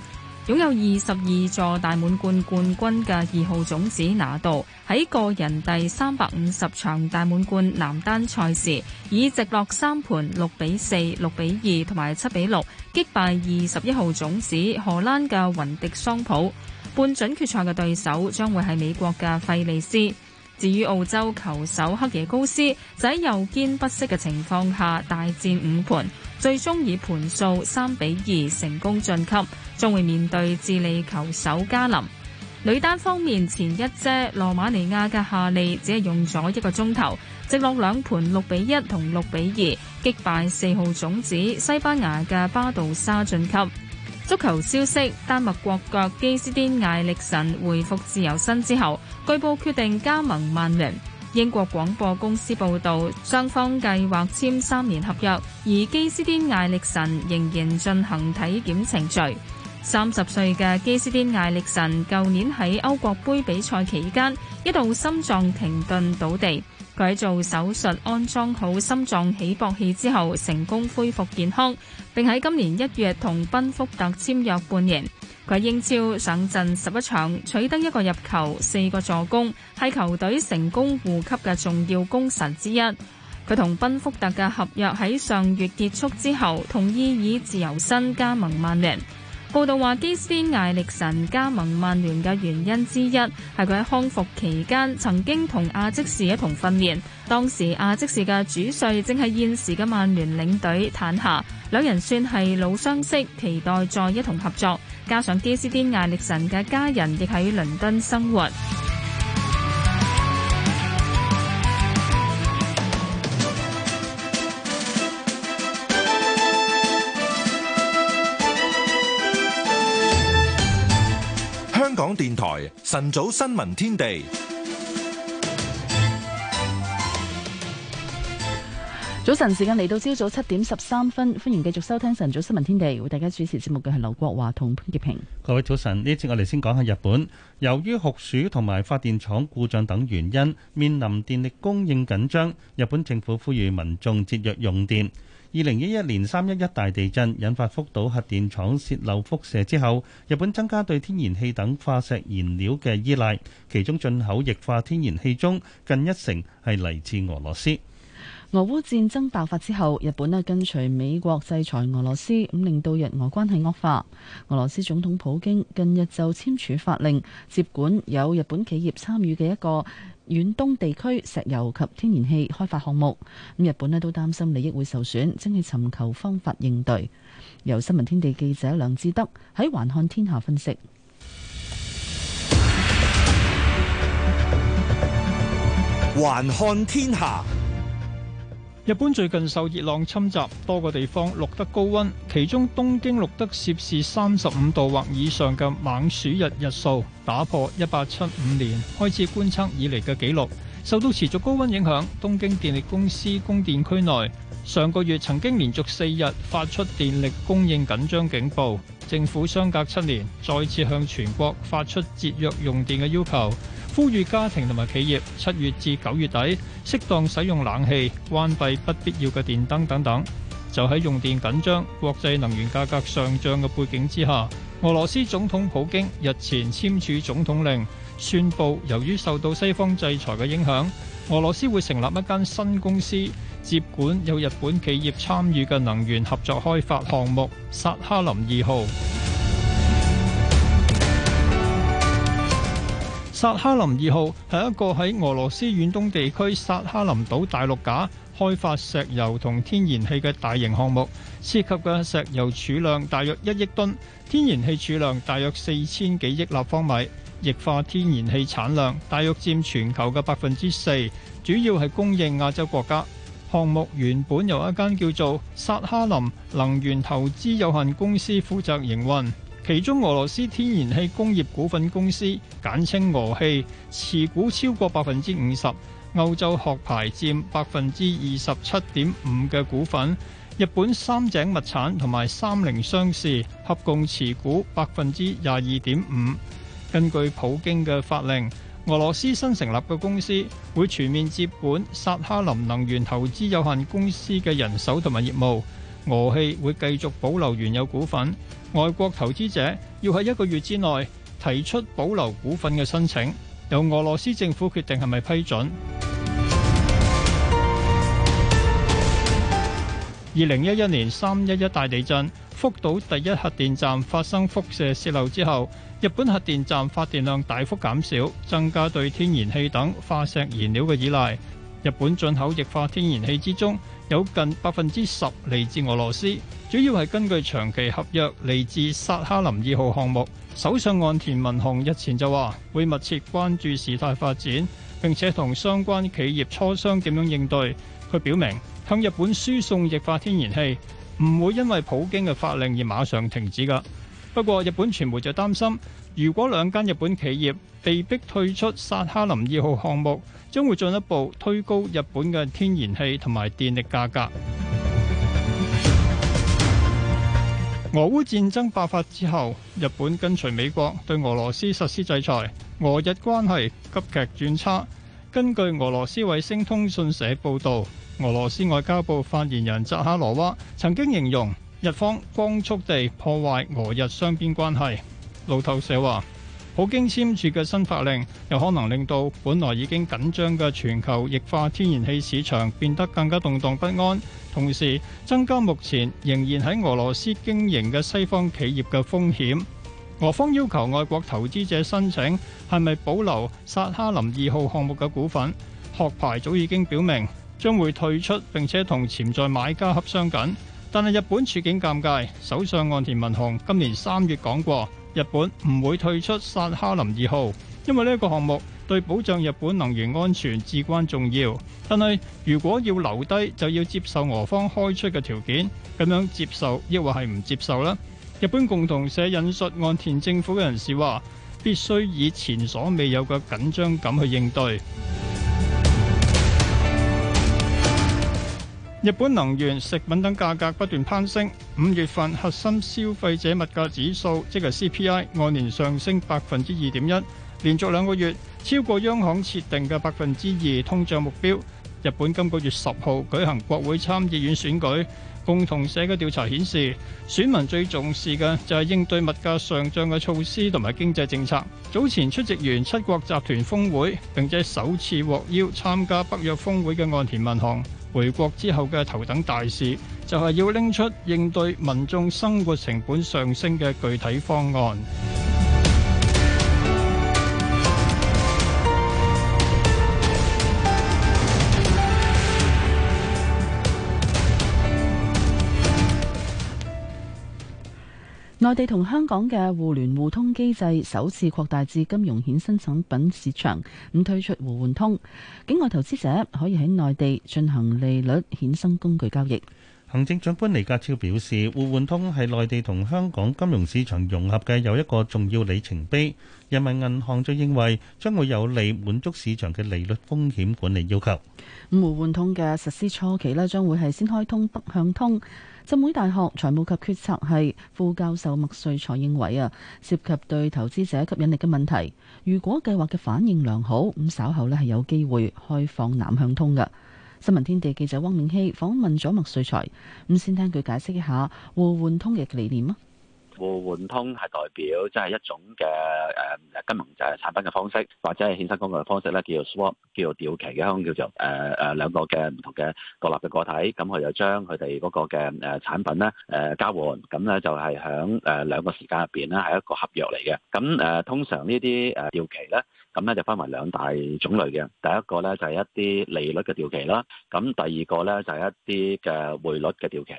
擁有二十二座大滿貫冠軍嘅二號種子拿度，喺個人第三百五十場大滿貫男單賽事，以直落三盤六比四、六比二同埋七比六擊敗二十一號種子荷蘭嘅雲迪桑普，半準決賽嘅對手將會係美國嘅費利斯。至於澳洲球手克耶高斯，就喺右肩不適嘅情況下大戰五盤，最終以盤數三比二成功晉級，將會面對智利球手加林。女單方面，前一姐羅馬尼亞嘅夏利只係用咗一個鐘頭，直落兩盤六比一同六比二擊敗四號種子西班牙嘅巴杜沙晉級。足球消息：丹麥國腳基斯丁·艾力臣回復自由身之後，據報決定加盟曼聯。英國廣播公司報道，雙方計劃簽三年合約，而基斯丁·艾力臣仍然進行體檢程序。三十歲嘅基斯丁·艾力臣，舊年喺歐國盃比賽期間一度心臟停頓倒地。佢喺做手術安裝好心臟起搏器之後，成功恢復健康。並喺今年一月同賓福特簽約半年。佢喺英超上陣十一場，取得一個入球、四個助攻，係球隊成功護級嘅重要功臣之一。佢同賓福特嘅合約喺上月結束之後，同意以自由身加盟曼聯。報道話，基斯丁艾力神加盟曼聯嘅原因之一係佢喺康復期間曾經同阿積士一同訓練，當時阿積士嘅主帥正係現時嘅曼聯領隊坦霞，兩人算係老相識，期待再一同合作。加上基斯丁艾力神嘅家人亦喺倫敦生活。台晨早新聞天地，早晨時間嚟到朝早七點十三分，歡迎繼續收聽晨早新聞天地，為大家主持節目嘅係劉國華同潘潔平。各位早晨，呢次我哋先講下日本，由於酷暑同埋發電廠故障等原因，面臨電力供應緊張，日本政府呼籲民眾節約用電。二零一一年三一一大地震引發福島核電廠洩漏輻射之後，日本增加對天然氣等化石燃料嘅依賴，其中進口液化天然氣中近一成係嚟自俄羅斯。俄烏戰爭爆發之後，日本啊跟隨美國制裁俄羅斯，咁令到日俄關係惡化。俄羅斯總統普京近日就簽署法令接管有日本企業參與嘅一個。遠東地區石油及天然氣開發項目，日本咧都擔心利益會受損，正係尋求方法應對。由新聞天地記者梁志德喺《環看天下》分析。環看天下。日本最近受熱浪侵襲，多個地方錄得高溫，其中東京錄得攝氏三十五度或以上嘅猛暑日日數，打破一八七五年開始觀測以嚟嘅紀錄。受到持續高溫影響，東京電力公司供電區內上個月曾經連續四日發出電力供應緊張警報，政府相隔七年再次向全國發出節約用電嘅要求。呼籲家庭同埋企業七月至九月底適當使用冷氣、關閉不必要嘅電燈等等。就喺用電緊張、國際能源價格上漲嘅背景之下，俄羅斯總統普京日前簽署總統令，宣佈由於受到西方制裁嘅影響，俄羅斯會成立一間新公司，接管有日本企業參與嘅能源合作開發項目——薩哈林二號。薩哈林二號係一個喺俄羅斯遠東地區薩哈林島大陸架開發石油同天然氣嘅大型項目，涉及嘅石油儲量大約一億噸，天然氣儲量大約四千幾億立方米，液化天然氣產量大約佔全球嘅百分之四，主要係供應亞洲國家。項目原本由一間叫做薩哈林能源投資有限公司負責營運。其中，俄羅斯天然氣工業股份公司（簡稱俄氣）持股超過百分之五十，歐洲殼牌佔百分之二十七點五嘅股份，日本三井物產同埋三菱商事合共持股百分之廿二點五。根據普京嘅法令，俄羅斯新成立嘅公司會全面接管薩哈林能源投資有限公司嘅人手同埋業務，俄氣會繼續保留原有股份。外國投資者要喺一個月之內提出保留股份嘅申請，由俄羅斯政府決定係咪批准。二零一一年三一一大地震，福島第一核電站發生輻射泄漏之後，日本核電站發電量大幅減少，增加對天然氣等化石燃料嘅依賴。日本進口液化天然氣之中有近百分之十嚟自俄羅斯，主要係根據長期合約嚟自薩哈林二號項目。首相岸田文雄日前就話會密切關注事態發展，並且同相關企業磋商點樣應對。佢表明向日本輸送液化天然氣唔會因為普京嘅法令而馬上停止㗎。不過日本傳媒就擔心，如果兩間日本企業被逼退出薩哈林二號項目，將會進一步推高日本嘅天然氣同埋電力價格。 [NOISE] 俄烏戰爭爆發之後，日本跟隨美國對俄羅斯實施制裁，俄日關係急劇轉差。根據俄羅斯衛星通訊社報道，俄羅斯外交部發言人扎哈羅娃曾經形容日方光速地破壞俄日雙邊關係，路透社話。普京簽署嘅新法令，有可能令到本來已經緊張嘅全球液化天然氣市場變得更加動盪不安，同時增加目前仍然喺俄羅斯經營嘅西方企業嘅風險。俄方要求外國投資者申請係咪保留薩哈林二號項目嘅股份。殼牌早已經表明將會退出，並且同潛在買家洽商緊。但係日本處境尷尬，首相岸田文雄今年三月講過。日本唔會退出薩哈林二號，因為呢個項目對保障日本能源安全至關重要。但係如果要留低，就要接受俄方開出嘅條件，咁樣接受抑或係唔接受啦。日本共同社引述岸田政府嘅人士話，必須以前所未有嘅緊張感去應對。日本能源、食品等價格不斷攀升，五月份核心消費者物價指數即係 CPI，按年上升百分之二點一，連續兩個月超過央行設定嘅百分之二通脹目標。日本今個月十號舉行國會參議院選舉，共同社嘅調查顯示，選民最重視嘅就係應對物價上漲嘅措施同埋經濟政策。早前出席完七國集團峰會，並且首次獲邀參加北約峰會嘅岸田文雄，回國之後嘅頭等大事，就係要拎出應對民眾生活成本上升嘅具體方案。內地同香港嘅互聯互通機制首次擴大至金融衍生產品市場，咁推出互換通，境外投資者可以喺內地進行利率衍生工具交易。行政長官李家超表示，互換通係內地同香港金融市場融合嘅又一個重要里程碑。人民銀行就認為，將會有利滿足市場嘅利率風險管理要求。互換通嘅實施初期咧，將會係先開通北向通。浸會大學財務及決策系副教授麥瑞才認為啊，涉及對投資者吸引力嘅問題。如果計劃嘅反應良好，咁稍後咧係有機會開放南向通嘅。新聞天地記者汪永熙訪問咗麥瑞才，咁先聽佢解釋一下互換通嘅理念啊。互換通係代表即係一種嘅誒金融就係產品嘅方式，或者係衍生工具嘅方式咧，叫做 swap，叫做掉期嘅一種叫做誒誒、呃、兩個嘅唔同嘅獨立嘅個體，咁佢就將佢哋嗰個嘅誒產品咧誒、呃、交換，咁咧就係喺誒兩個時間入邊咧係一個合約嚟嘅。咁誒、呃、通常呢啲誒掉期咧，咁咧就分為兩大種類嘅，第一個咧就係、是、一啲利率嘅掉期啦，咁第二個咧就係、是、一啲嘅匯率嘅掉期。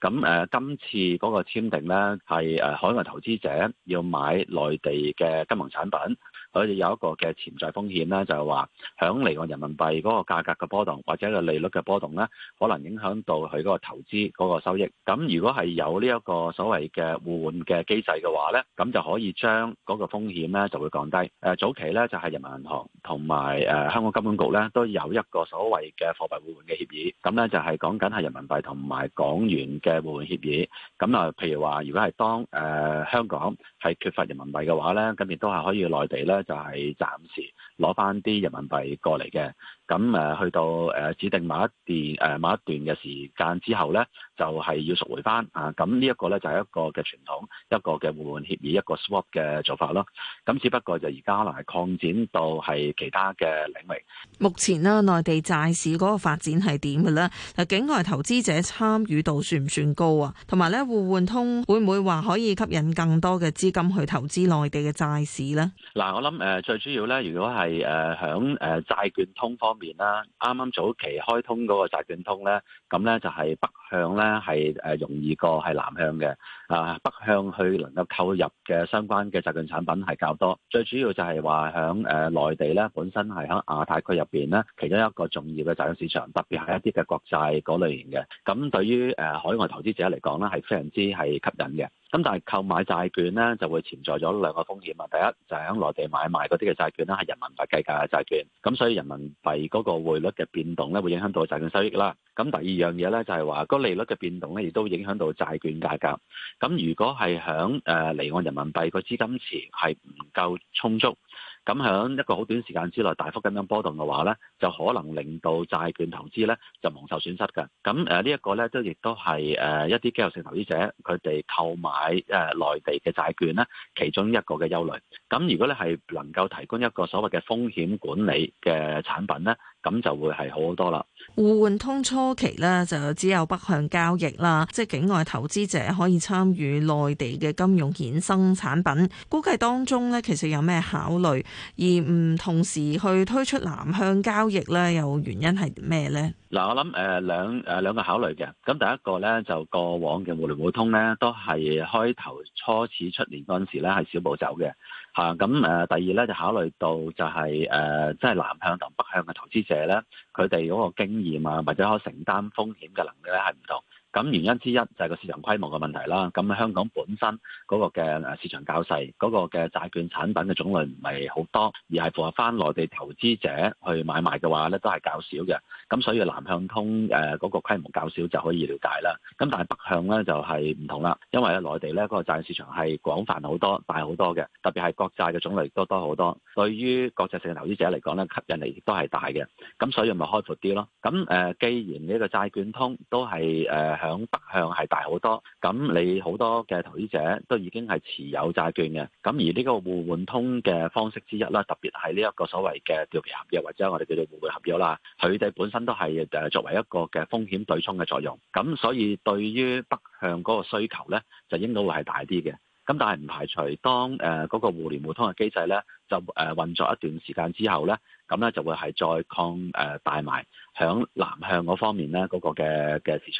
咁誒、呃，今次嗰個簽訂咧，係誒、呃、海外投資者要買內地嘅金融產品。佢哋有一個嘅潛在風險咧，就係話響離岸人民幣嗰個價格嘅波動，或者個利率嘅波動咧，可能影響到佢嗰個投資嗰個收益。咁如果係有呢一個所謂嘅互換嘅機制嘅話咧，咁就可以將嗰個風險咧就會降低。誒，早期咧就係、是、人民銀行同埋誒香港金管局咧都有一個所謂嘅貨幣互換嘅協議，咁咧就係講緊係人民幣同埋港元嘅互換協議。咁啊，譬如話，如果係當誒、呃、香港係缺乏人民幣嘅話咧，咁亦都係可以內地咧。就係暫時攞翻啲人民幣過嚟嘅。咁誒去到誒指定某一段誒某一段嘅時間之後咧，就係要贖回翻啊！咁呢一個咧就係一個嘅傳統，一個嘅互換協議，一個 swap 嘅做法咯。咁只不過就而家可能係擴展到係其他嘅領域。目前咧，內地債市嗰個發展係點嘅咧？嗱，境外投資者參與度算唔算高啊？同埋咧，互換通會唔會話可以吸引更多嘅資金去投資內地嘅債市咧？嗱，我諗誒最主要咧，如果係誒響誒債券通方。年啦，啱啱早期開通嗰個債券通咧。咁咧就係北向咧，係誒容易過係南向嘅，啊北向去能夠購入嘅相關嘅債券產品係較多，最主要就係話響誒內地咧，本身係響亞太區入邊咧，其中一個重要嘅債券市場，特別係一啲嘅國債嗰類型嘅。咁對於誒海外投資者嚟講咧係非常之係吸引嘅。咁但係購買債券咧就會潛在咗兩個風險啊，第一就係、是、響內地買賣嗰啲嘅債券咧係人民幣計價嘅債券，咁所以人民幣嗰個匯率嘅變動咧會影響到債券收益啦。咁第二，一樣嘢咧就係話個利率嘅變動咧，亦都影響到債券價格。咁如果係響誒離岸人民幣個資金池係唔夠充足，咁響一個好短時間之內大幅咁樣波動嘅話咧，就可能令到債券投資咧就蒙受損失嘅。咁誒呢一個咧都亦都係誒一啲機構性投資者佢哋購買誒內地嘅債券咧其中一個嘅憂慮。咁如果咧係能夠提供一個所謂嘅風險管理嘅產品咧？咁就會係好好多啦。互換通初期咧就只有北向交易啦，即係境外投資者可以參與內地嘅金融衍生產品。估計當中咧其實有咩考慮，而唔同時去推出南向交易咧，又原因係咩咧？嗱、呃，我諗誒、呃、兩誒、呃、兩個考慮嘅。咁第一個咧就過往嘅互聯互通咧都係開頭初始出年嗰陣時咧係小步走嘅。嚇咁誒，第二咧就考慮到就係、是、誒，即、呃、係、就是、南向同北向嘅投資者咧，佢哋嗰個經驗啊，或者可承擔風險嘅能力咧係唔同。咁原因之一就係個市場規模嘅問題啦。咁香港本身嗰個嘅市場較細，嗰、那個嘅債券產品嘅種類唔係好多，而係符合返內地投資者去買賣嘅話咧，都係較少嘅。咁所以南向通誒嗰個規模較小就可以了解啦。咁但係北向咧就係唔同啦，因為喺內地咧嗰個債市場係廣泛好多、大好多嘅，特別係國債嘅種類亦都多好多。對於國際性嘅投資者嚟講咧，吸引力亦都係大嘅。咁所以咪開闊啲咯。咁誒，既然呢個債券通都係誒響北向係大好多，咁你好多嘅投資者都已經係持有債券嘅。咁而呢個互換通嘅方式之一啦，特別係呢一個所謂嘅掉期合約或者我哋叫做互換合約啦，佢哋本身。都係誒作為一個嘅風險對沖嘅作用，咁所以對於北向嗰個需求咧，就應該會係大啲嘅。咁但係唔排除當誒嗰個互聯互通嘅機制咧，就誒運作一段時間之後咧，咁咧就會係再擴誒大埋響南向嗰方面咧嗰個嘅嘅市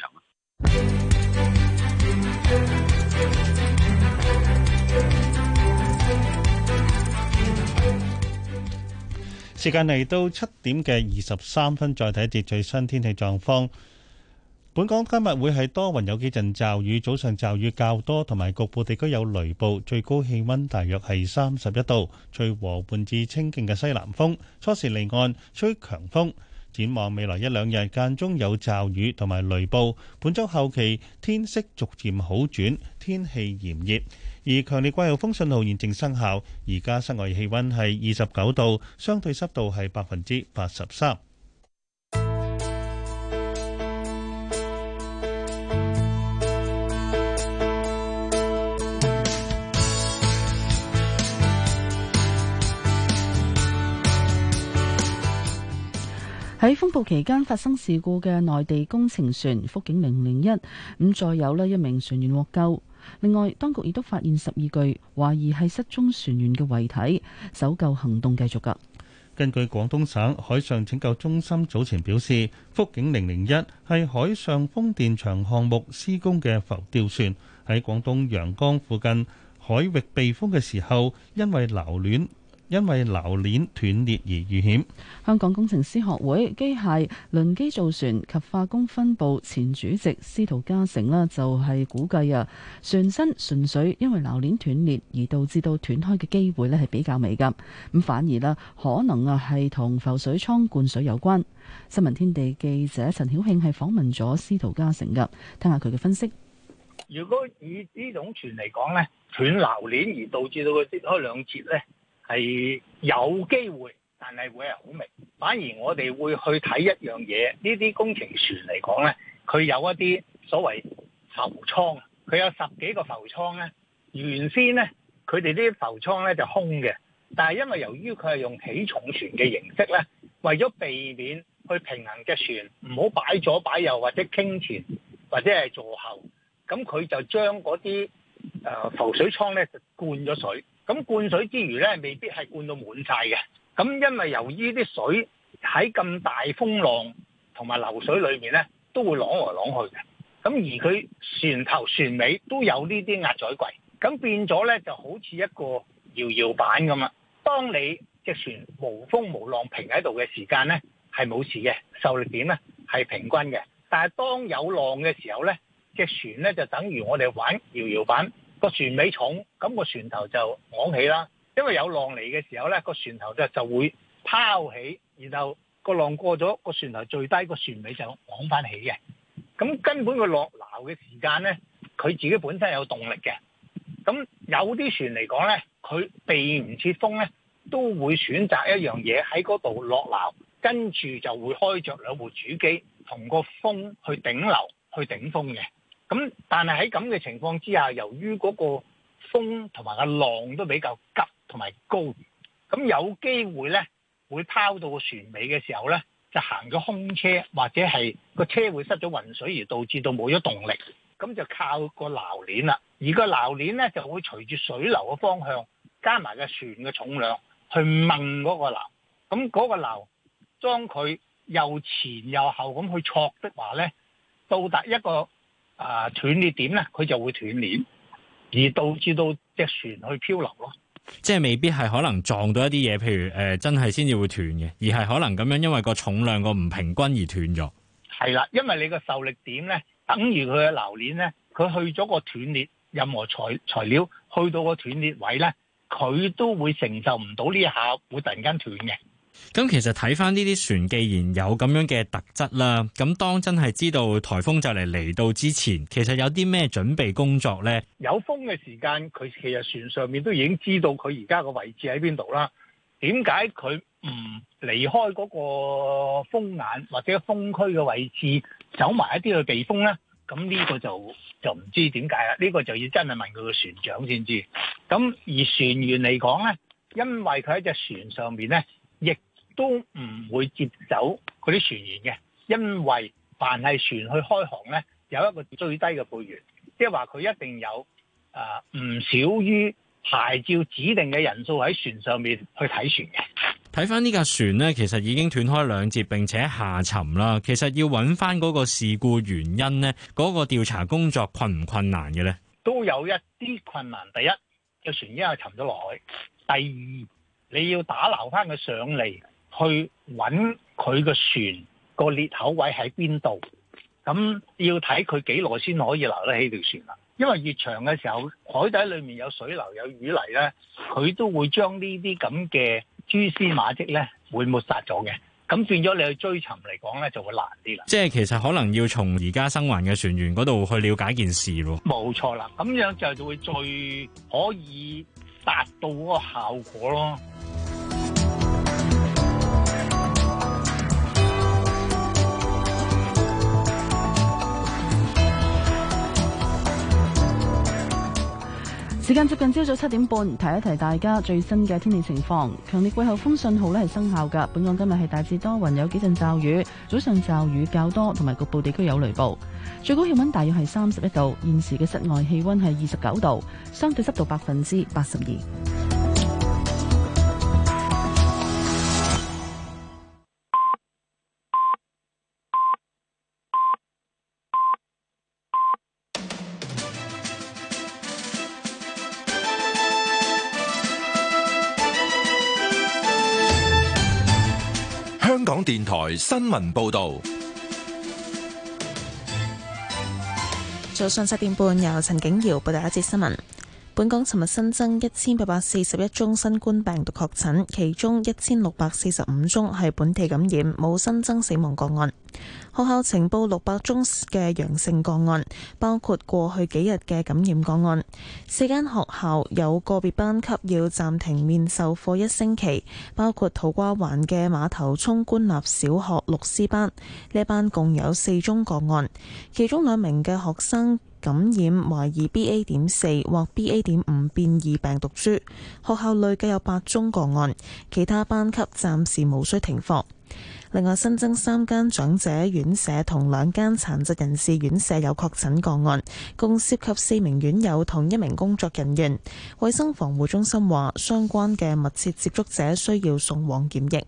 場。時間嚟到七點嘅二十三分，再睇一節最新天氣狀況。本港今日會係多雲，有幾陣驟雨，早上驟雨較多，同埋局部地區有雷暴。最高氣溫大約係三十一度，吹和緩至清勁嘅西南風，初時離岸吹強風。展望未來一兩日間中有驟雨同埋雷暴，本週後期天色逐漸好轉，天氣炎熱。而強烈季候風信號現正生效，而家室外氣温係二十九度，相對濕度係百分之八十三。喺風暴期間發生事故嘅內地工程船福景零零一，咁再有呢一名船員獲救。另外，當局亦都發現十二具懷疑係失蹤船員嘅遺體，搜救行動繼續噶。根據廣東省海上拯救中心早前表示，福景零零一係海上風電場項目施工嘅浮吊船，喺廣東陽江附近海域避風嘅時候，因為流亂，因為錨鏈斷裂而遇險。香港工程師學會機械輪機造船及化工分部前主席司徒嘉誠咧，就係、是、估計啊，船身純粹因為錨鏈斷裂而導致到斷開嘅機會咧係比較微噶。咁反而啦，可能啊係同浮水艙灌水有關。新聞天地記者陳曉慶係訪問咗司徒嘉誠噶，聽下佢嘅分析。如果以呢種船嚟講咧，斷錨鏈而導致到佢跌開兩截呢。係有機會，但係會係好明。反而我哋會去睇一樣嘢，呢啲工程船嚟講呢，佢有一啲所謂浮倉，佢有十幾個浮倉呢，原先呢，佢哋啲浮倉呢就空嘅，但係因為由於佢係用起重船嘅形式呢，為咗避免去平衡隻船，唔好擺左擺右或者傾前或者係坐後，咁佢就將嗰啲誒浮水倉呢就灌咗水。咁灌水之餘咧，未必係灌到滿晒嘅。咁因為由於啲水喺咁大風浪同埋流水裏面咧，都會啷來啷去嘅。咁而佢船頭船尾都有呢啲壓載櫃，咁變咗咧就好似一個搖搖板咁啊！當你隻船無風無浪，平喺度嘅時間咧，係冇事嘅，受力點咧係平均嘅。但係當有浪嘅時候咧，隻船咧就等於我哋玩搖搖板。個船尾重，咁個船頭就昂起啦。因為有浪嚟嘅時候呢，個船頭就就會拋起，然後個浪過咗，個船頭最低個船尾就昂翻起嘅。咁根本佢落流嘅時間呢，佢自己本身有動力嘅。咁有啲船嚟講呢，佢避唔切風呢，都會選擇一樣嘢喺嗰度落流，跟住就會開着兩部主機同個風去頂流，去頂風嘅。咁，但係喺咁嘅情況之下，由於嗰個風同埋個浪都比較急同埋高，咁有機會咧會拋到個船尾嘅時候咧，就行咗空車或者係個車會失咗混水而導致到冇咗動力，咁就靠個撈鏈啦。而個撈鏈咧就會隨住水流嘅方向，加埋個船嘅重量去掹嗰個撈，咁、那、嗰個撈將佢又前又後咁去戳的話咧，到達一個。啊！斷裂點咧，佢就會斷裂，而導致到隻船去漂流咯。即係未必係可能撞到一啲嘢，譬如誒、呃、真係先至會斷嘅，而係可能咁樣因為個重量個唔平均而斷咗。係啦，因為你個受力點咧，等於佢嘅流鏈咧，佢去咗個斷裂，任何材材料去到個斷裂位咧，佢都會承受唔到呢一下，會突然間斷嘅。咁其實睇翻呢啲船，既然有咁樣嘅特質啦，咁當真係知道颱風就嚟嚟到之前，其實有啲咩準備工作呢？有風嘅時間，佢其實船上面都已經知道佢而家個位置喺邊度啦。點解佢唔離開嗰個風眼或者風區嘅位置，走埋一啲嘅避風呢？咁呢個就就唔知點解啦。呢個就要真係問佢個船長先知。咁而船員嚟講呢，因為佢喺隻船上面呢。亦都唔會接走嗰啲船員嘅，因為凡係船去開航呢，有一個最低嘅配員，即係話佢一定有啊唔少於牌照指定嘅人數喺船上面去睇船嘅。睇翻呢架船呢，其實已經斷開兩節並且下沉啦。其實要揾翻嗰個事故原因呢，嗰個調查工作困唔困難嘅呢？都有一啲困難。第一，個船因為沉咗落去；第二。你要打撈翻佢上嚟，去揾佢個船個裂口位喺邊度？咁要睇佢幾耐先可以撈得起條船啦。因為越長嘅時候，海底裡面有水流、有淤泥咧，佢都會將呢啲咁嘅蛛絲馬跡咧，會抹殺咗嘅。咁變咗你去追尋嚟講咧，就會難啲啦。即係其實可能要從而家生還嘅船員嗰度去了解件事咯。冇錯啦，咁樣就就會最可以。達到個效果咯。時間接近朝早七點半，提一提大家最新嘅天氣情況。強烈季候風信號咧係生效噶。本港今日係大致多雲，有幾陣驟雨，早上驟雨較多，同埋局部地區有雷暴。最高氣溫大約係三十一度，現時嘅室外氣溫係二十九度，相對濕度百分之八十二。電台新聞報道。早上七點半，由陳景瑤報道一節新聞。本港尋日新增一千八百四十一宗新冠病毒確診，其中一千六百四十五宗係本地感染，冇新增死亡個案。學校呈報六百宗嘅陽性個案，包括過去幾日嘅感染個案。四間學校有個別班級要暫停面授課一星期，包括土瓜灣嘅馬頭涌官立小學六 C 班，呢班共有四宗個案，其中兩名嘅學生感染懷疑 BA 點四或 BA 點五變異病毒株，學校累計有八宗個案，其他班級暫時無需停課。另外新增三間長者院舍同兩間殘疾人士院舍有確診個案，共涉及四名院友同一名工作人員。衛生防護中心話，相關嘅密切接觸者需要送往檢疫。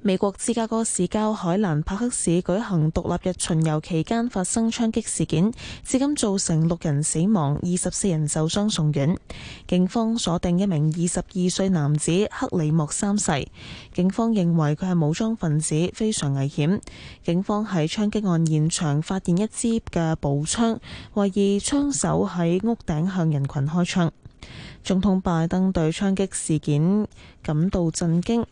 美國芝加哥市郊海蘭帕克市舉行獨立日巡遊期間發生槍擊事件，至今造成六人死亡，二十四人受傷送院。警方鎖定一名二十二歲男子克里莫三世，警方認為佢係武裝分子，非常危險。警方喺槍擊案現場發現一支嘅步槍，懷疑槍手喺屋頂向人群開槍。總統拜登對槍擊事件感到震驚，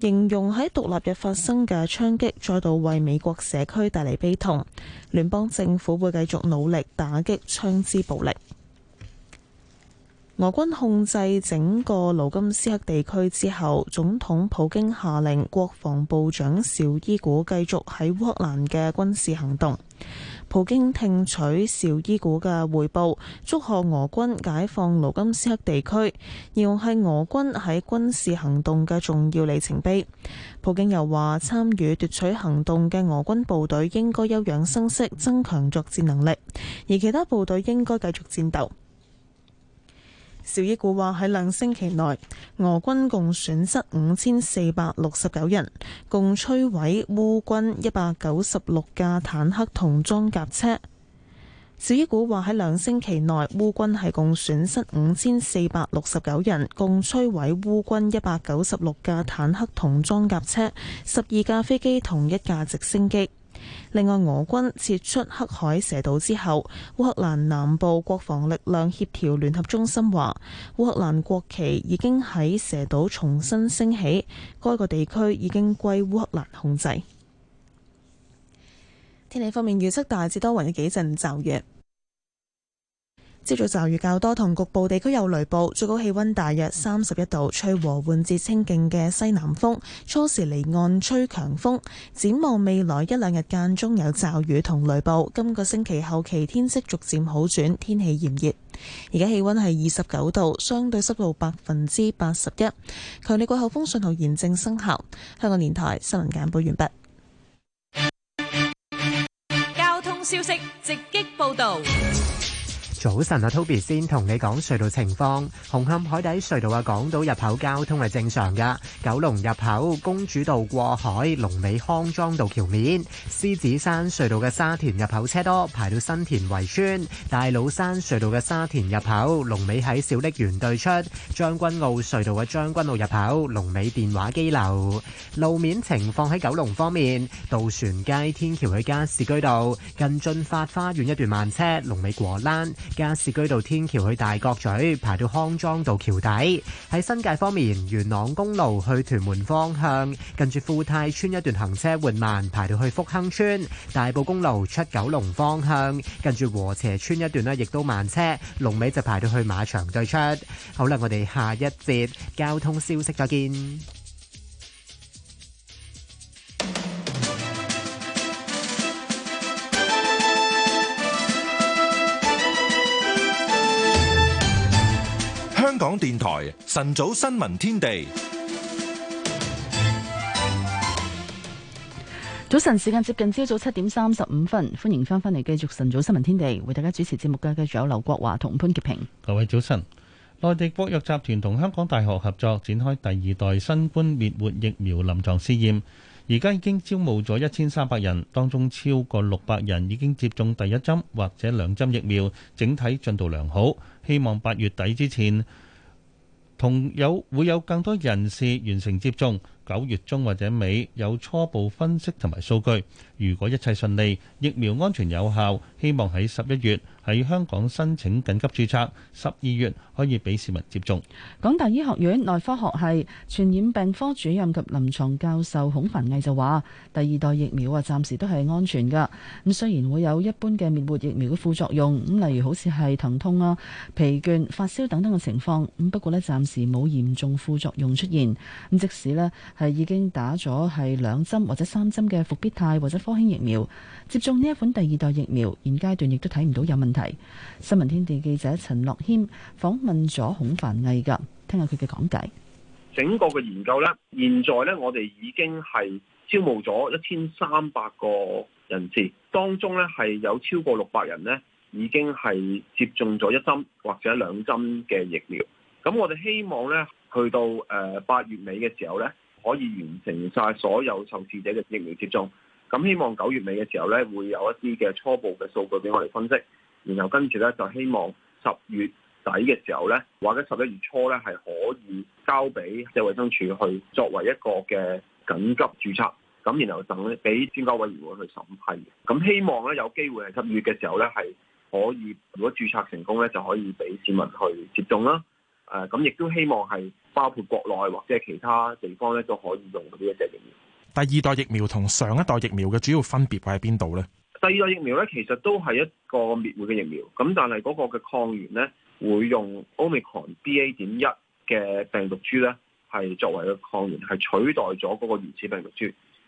形容喺獨立日發生嘅槍擊再度為美國社區帶嚟悲痛，聯邦政府會繼續努力打擊槍支暴力。俄軍控制整個盧甘斯克地區之後，總統普京下令國防部長邵伊古繼續喺烏克蘭嘅軍事行動。普京聽取紹伊古嘅匯報，祝賀俄軍解放盧甘斯克地區，形容係俄軍喺軍事行動嘅重要里程碑。普京又話，參與奪取行動嘅俄軍部隊應該休養生息，增強作戰能力，而其他部隊應該繼續戰鬥。紹伊古話喺兩星期內，俄軍共損失五千四百六十九人，共摧毀烏軍一百九十六架坦克同裝甲車。紹伊古話喺兩星期內，烏軍係共損失五千四百六十九人，共摧毀烏軍一百九十六架坦克同裝甲車、十二架飛機同一架直升機。另外，俄軍撤出黑海蛇島之後，烏克蘭南部國防力量協調聯合中心話，烏克蘭國旗已經喺蛇島重新升起，該個地區已經歸烏克蘭控制。天氣方面，預測大致多雲嘅幾陣驟雨。朝早驟雨較多，同局部地區有雷暴，最高氣溫大約三十一度，吹和緩至清勁嘅西南風，初時離岸吹強風。展望未來一兩日間中有驟雨同雷暴。今個星期後期天色逐漸好轉，天氣炎熱。而家氣溫係二十九度，相對濕度百分之八十一，強烈季候風信號現正生效。香港電台新聞簡報完畢。交通消息直擊報道。早晨啊，Toby 先同你講隧道情況。紅磡海底隧道嘅港島入口交通係正常㗎。九龍入口公主道過海，龍尾康莊道橋面。獅子山隧道嘅沙田入口車多，排到新田圍村。大老山隧道嘅沙田入口龍尾喺小瀝源對出。將軍澳隧道嘅將軍澳入口龍尾電話機樓。路面情況喺九龍方面，渡船街天橋去加士居道近駿發花園一段慢車，龍尾果欄。加士居道天橋去大角咀排到康莊道橋底，喺新界方面，元朗公路去屯門方向，近住富泰村一段行車緩慢，排到去福亨村；大埔公路出九龍方向，近住和斜村一段呢亦都慢車，龍尾就排到去馬場對出。好啦，我哋下一節交通消息再見。香港電台晨早新聞天地，早晨時間接近朝早七點三十五分，歡迎翻返嚟繼續晨早新聞天地，為大家主持節目嘅繼續有劉國華同潘潔平。各位早晨，內地國藥集團同香港大學合作展開第二代新冠滅活疫苗臨床試驗，而家已經招募咗一千三百人，當中超過六百人已經接種第一針或者兩針疫苗，整體進度良好，希望八月底之前。同有會有更多人士完成接種。九月中或者尾有初步分析同埋數據，如果一切順利，疫苗安全有效，希望喺十一月喺香港申請緊急註冊，十二月可以俾市民接種。港大醫學院內科學系傳染病科主任及臨牀教授孔凡毅就話，第二代疫苗啊，暫時都係安全噶。咁雖然會有一般嘅滅活疫苗嘅副作用，咁例如好似係疼痛啊、疲倦、發燒等等嘅情況，咁不過咧，暫時冇嚴重副作用出現，咁即使咧。係已經打咗係兩針或者三針嘅復必泰或者科興疫苗，接種呢一款第二代疫苗，現階段亦都睇唔到有問題。新聞天地記者陳樂謙訪問咗孔凡毅噶，聽下佢嘅講解。整個嘅研究呢，現在呢，我哋已經係招募咗一千三百個人士，當中呢係有超過六百人呢已經係接種咗一針或者兩針嘅疫苗。咁我哋希望呢，去到誒八月尾嘅時候呢。可以完成晒所有受試者嘅疫苗接種，咁希望九月尾嘅時候呢，會有一啲嘅初步嘅數據俾我哋分析，然後跟住呢，就希望十月底嘅時候呢，或者十一月初呢，係可以交俾即係衛生署去作為一個嘅緊急註冊，咁然後就俾專家委員會去審批。咁希望呢，有機會係十月嘅時候呢，係可以，如果註冊成功呢，就可以俾市民去接種啦，誒咁亦都希望係。包括國內或者其他地方咧，都可以用呢一隻疫苗。第二代疫苗同上一代疫苗嘅主要分別喺邊度呢？第二代疫苗咧，其實都係一個滅活嘅疫苗，咁但係嗰個嘅抗原咧，會用奧密克戎 BA. 點一嘅病毒株咧，係作為個抗原係取代咗嗰個原始病毒株。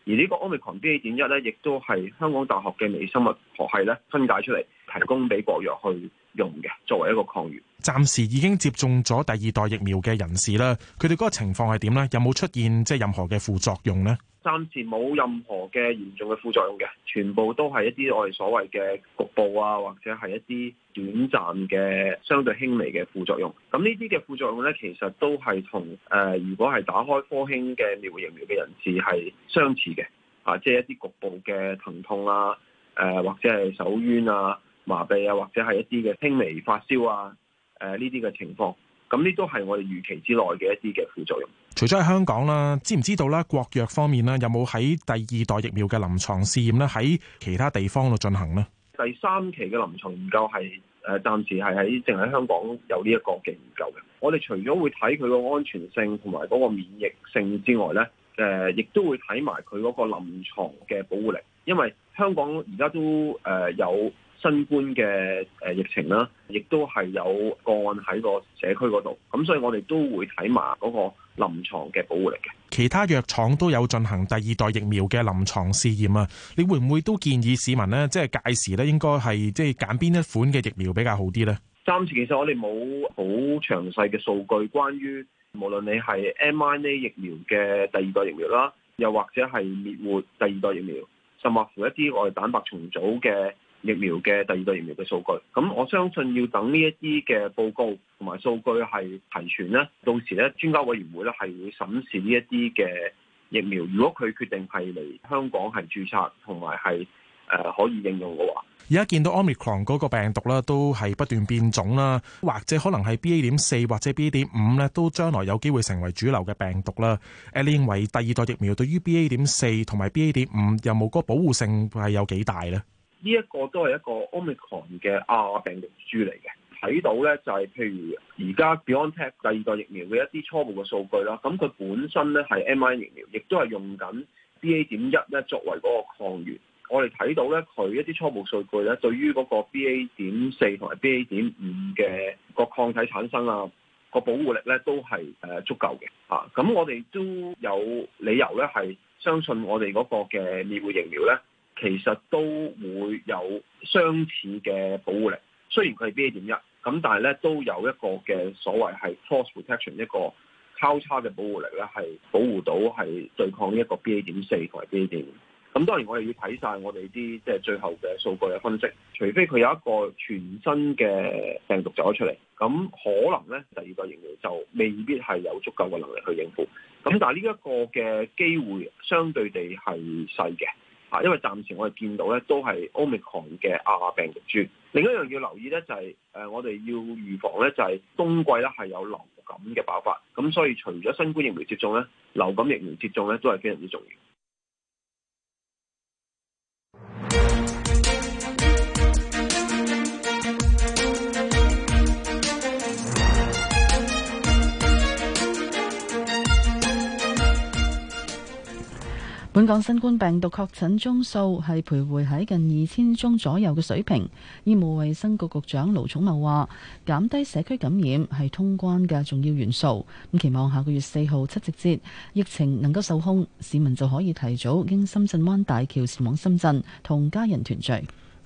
而呢個奧密克戎 BA. 點一咧，亦都係香港大學嘅微生物學系咧，分解出嚟，提供俾國藥去。用嘅作為一個抗原，暫時已經接種咗第二代疫苗嘅人士啦。佢哋嗰個情況係點呢？有冇出現即係任何嘅副作用呢？暫時冇任何嘅嚴重嘅副作用嘅，全部都係一啲我哋所謂嘅局部啊，或者係一啲短暫嘅相對輕微嘅副作用。咁呢啲嘅副作用呢，其實都係同誒，如果係打開科興嘅苗疫苗嘅人士係相似嘅，啊，即係一啲局部嘅疼痛啊，誒或者係手痠啊。麻痹啊，或者係一啲嘅輕微發燒啊，誒呢啲嘅情況，咁呢都係我哋預期之內嘅一啲嘅副作用。除咗喺香港啦，知唔知道啦？國藥方面啦，有冇喺第二代疫苗嘅臨床試驗咧？喺其他地方度進行呢？第三期嘅臨床研究係誒、呃、暫時係喺淨喺香港有呢一個嘅研究嘅。我哋除咗會睇佢個安全性同埋嗰個免疫性之外咧，誒、呃、亦都會睇埋佢嗰個臨床嘅保護力，因為香港而家都誒有。新冠嘅誒疫情啦，亦都係有個案喺個社區嗰度，咁所以我哋都會睇埋嗰個臨床嘅保護力嘅。其他藥廠都有進行第二代疫苗嘅臨牀試驗啊！你會唔會都建議市民呢？即係屆時咧，應該係即係揀邊一款嘅疫苗比較好啲咧？暫時其實我哋冇好詳細嘅數據關於無論你係 mRNA 疫苗嘅第二代疫苗啦，又或者係滅活第二代疫苗，甚或乎一啲我哋蛋白重組嘅。疫苗嘅第二代疫苗嘅數據，咁我相信要等呢一啲嘅報告同埋數據係齊全咧，到時咧專家委員會咧係會審視呢一啲嘅疫苗。如果佢決定係嚟香港係註冊同埋係誒可以應用嘅話，而家見到 Omicron 嗰個病毒啦，都係不斷變種啦，或者可能係 B A. 點四或者 B A. 點五咧，都將來有機會成為主流嘅病毒啦。誒你認為第二代疫苗對於 B A. 點四同埋 B A. 點五有冇嗰個保護性係有幾大咧？呢一個都係一個 Omicron 嘅亞病毒株嚟嘅，睇到咧就係、是、譬如而家 Biontech 第二代疫苗嘅一啲初步嘅數據啦，咁佢本身咧係 mRNA 疫苗，亦都係用緊 BA. 點一咧作為嗰個抗原，我哋睇到咧佢一啲初步數據咧，對於嗰個 BA. 點四同埋 BA. 點五嘅個抗體產生啊，個保護力咧都係誒足夠嘅嚇，咁、啊、我哋都有理由咧係相信我哋嗰個嘅滅活疫苗咧。其實都會有相似嘅保護力，雖然佢係 B A. 點一，咁但係咧都有一個嘅所謂係 cross protection 一個交叉嘅保護力咧，係保護到係對抗呢一個 B A. 點四同埋 B A. 點五。咁當然我哋要睇晒我哋啲即係最後嘅數據嘅分析，除非佢有一個全新嘅病毒走咗出嚟，咁可能咧第二個疫苗就未必係有足夠嘅能力去應付。咁但係呢一個嘅機會相對地係細嘅。因為暫時我哋見到咧，都係 Omicron 嘅亞病毒株。另一樣要留意咧，就係、是、誒、呃，我哋要預防咧，就係、是、冬季咧係有流感嘅爆發。咁所以除咗新冠疫苗接種咧，流感疫苗接種咧都係非常之重要。本港新冠病毒確診宗數係徘徊喺近二千宗左右嘅水平。醫務衛生局局長盧寵茂話，減低社區感染係通關嘅重要元素。咁期望下個月四號七夕節，疫情能夠受控，市民就可以提早經深圳灣大橋前往深圳同家人團聚。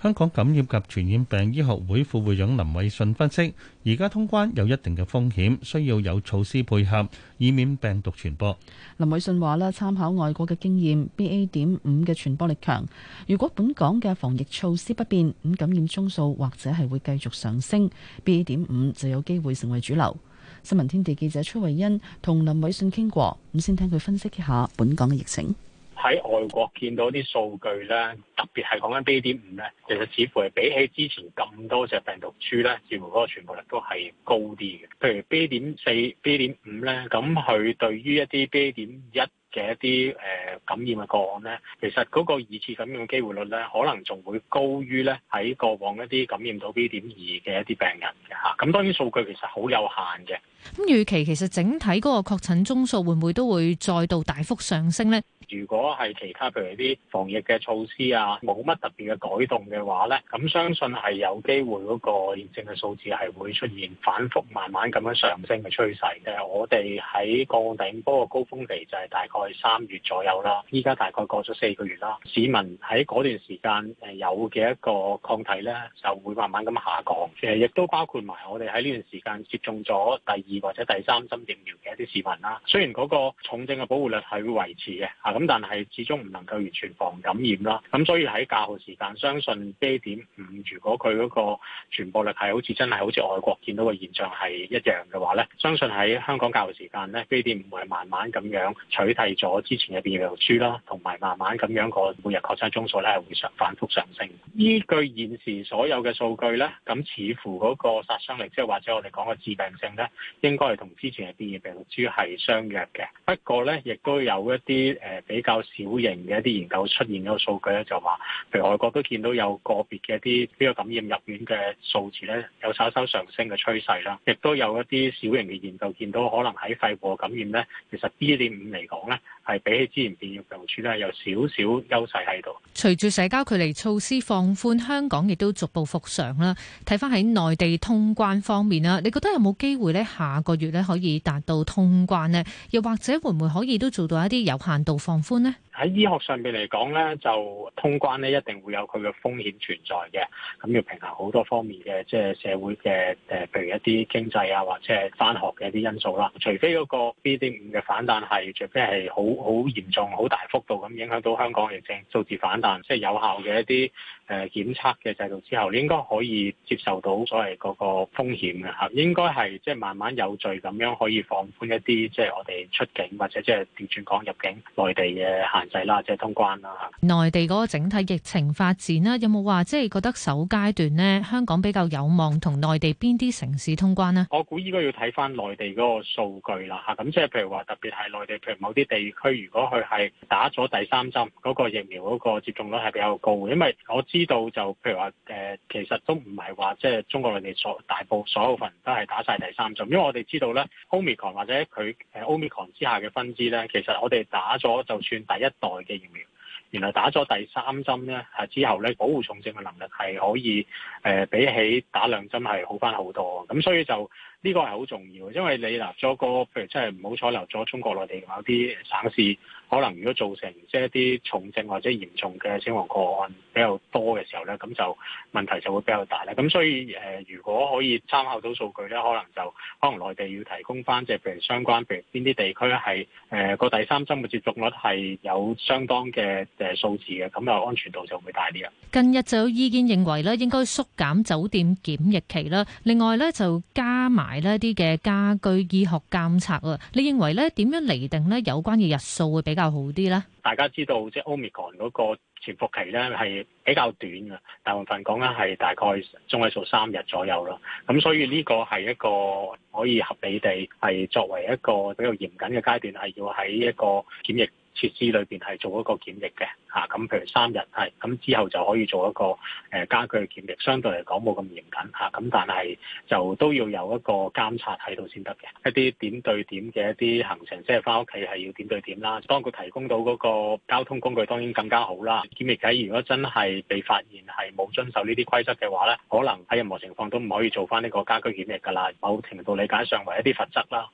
香港感染及傳染病醫學會副會長林偉信分析，而家通關有一定嘅風險，需要有措施配合，以免病毒傳播。林偉信話啦，參考外國嘅經驗，BA 點五嘅傳播力強。如果本港嘅防疫措施不變，咁感染宗數或者係會繼續上升。BA 點五就有機會成為主流。新聞天地記者崔慧欣同林偉信傾過，咁先聽佢分析一下本港嘅疫情。喺外國見到啲數據咧，特別係講緊 B. 點五咧，其實似乎係比起之前咁多隻病毒株咧，似乎嗰個傳播率都係高啲嘅。譬如 B. 點四、B. 點五咧，咁佢對於一啲 B. 點一，嘅一啲誒、呃、感染嘅個案咧，其實嗰個二次感染嘅機會率咧，可能仲會高於咧喺過往一啲感染到 B 點二嘅一啲病人嘅吓，咁當然數據其實好有限嘅。咁預期其實整體嗰個確診宗數會唔會都會再度大幅上升咧？如果係其他譬如啲防疫嘅措施啊，冇乜特別嘅改動嘅話咧，咁相信係有機會嗰個疫症嘅數字係會出現反覆慢慢咁樣上升嘅趨勢嘅。我哋喺個頂波嘅高峰期就係大概。在三月左右啦，依家大概過咗四個月啦。市民喺嗰段時間誒有嘅一個抗體咧，就會慢慢咁下降。誒，亦都包括埋我哋喺呢段時間接種咗第二或者第三針疫苗嘅一啲市民啦。雖然嗰個重症嘅保護率係會維持嘅，吓咁，但係始終唔能夠完全防感染啦。咁所以喺教號時間，相信 B 點五如果佢嗰個傳播率係好似真係好似外國見到嘅現象係一樣嘅話咧，相信喺香港教號時間咧，B 點五會慢慢咁樣取締咗之前嘅變異病毒株啦，同埋慢慢咁樣個每日確診宗數咧係會上反復上升。依據現時所有嘅數據咧，咁似乎嗰個殺傷力，即係或者我哋講嘅致病性咧，應該係同之前嘅變異病毒株係相若嘅。不過咧，亦都有一啲誒、呃、比較小型嘅一啲研究出現嘅數據咧，就話，譬如外國都見到有個別嘅一啲呢、這個感染入院嘅數字咧有稍稍上升嘅趨勢啦。亦都有一啲小型嘅研究見到，可能喺肺部感染咧，其實 BA 點五嚟講咧。係比起之前便肉量處咧，有少少優勢喺度。隨住社交距離措施放寬，香港亦都逐步復常啦。睇翻喺內地通關方面啦，你覺得有冇機會咧下個月咧可以達到通關呢？又或者會唔會可以都做到一啲有限度放寬呢？喺醫學上面嚟講咧，就通關咧一定會有佢嘅風險存在嘅，咁要平衡好多方面嘅即係社會嘅誒，譬如一啲經濟啊，或者係返學嘅一啲因素啦。除非嗰個 B 點五嘅反彈係，除非係好好嚴重、好大幅度咁影響到香港嘅疫症數字反彈，即係有效嘅一啲。誒檢測嘅制度之後，你應該可以接受到所謂嗰個風險嘅嚇，應該係即係慢慢有序咁樣可以放寬一啲即係我哋出境或者即係轉船港入境內地嘅限制啦，即係通關啦嚇。內地嗰個整體疫情發展啦，有冇話即係覺得首階段呢？香港比較有望同內地邊啲城市通關呢？我估應該要睇翻內地嗰個數據啦嚇，咁即係譬如話特別係內地譬如某啲地區，如果佢係打咗第三針嗰個疫苗嗰個接種率係比較高嘅，因為我知。知道就譬如話誒、呃，其實都唔係話即係中國內地所大部所有份人都係打晒第三針，因為我哋知道咧，Omicron 或者佢、呃、Omicron 之下嘅分支咧，其實我哋打咗就算第一代嘅疫苗，原來打咗第三針咧係之後咧，保護重症嘅能力係可以誒、呃、比起打兩針係好翻好多，咁所以就呢、呢個係好重要，因為你立咗個譬如真係唔好彩留咗中國內地某啲省市。可能如果造成即係一啲重症或者嚴重嘅死亡個案比較多嘅時候咧，咁就問題就會比較大啦。咁所以誒、呃、如果可以參考到數據咧，可能就可能內地要提供翻即係譬如相關，譬如邊啲地區咧，係誒個第三針嘅接種率係有相當嘅誒數字嘅，咁啊安全度就會大啲啊。近日就有意見認為咧，應該縮減酒店檢疫期啦。另外咧，就加埋呢一啲嘅家居醫學監察啊。你認為咧點樣嚟定咧有關嘅日數會比較較好啲咧？大家知道，即係 Omicron 嗰個潛伏期咧係比較短嘅，大部分講緊係大概中位數三日左右咯。咁所以呢個係一個可以合理地係作為一個比較嚴謹嘅階段，係要喺一個檢疫。設施裏邊係做一個檢疫嘅嚇，咁、啊、譬如三日係，咁、啊、之後就可以做一個誒、呃、家居檢疫，相對嚟講冇咁嚴謹嚇，咁、啊、但係就都要有一個監察喺度先得嘅，一啲點對點嘅一啲行程，即係翻屋企係要點對點啦。當佢提供到嗰個交通工具，當然更加好啦。檢疫仔如果真係被發現係冇遵守呢啲規則嘅話咧，可能喺任何情況都唔可以做翻呢個家居檢疫㗎啦。某程度理解上為一啲罰則啦。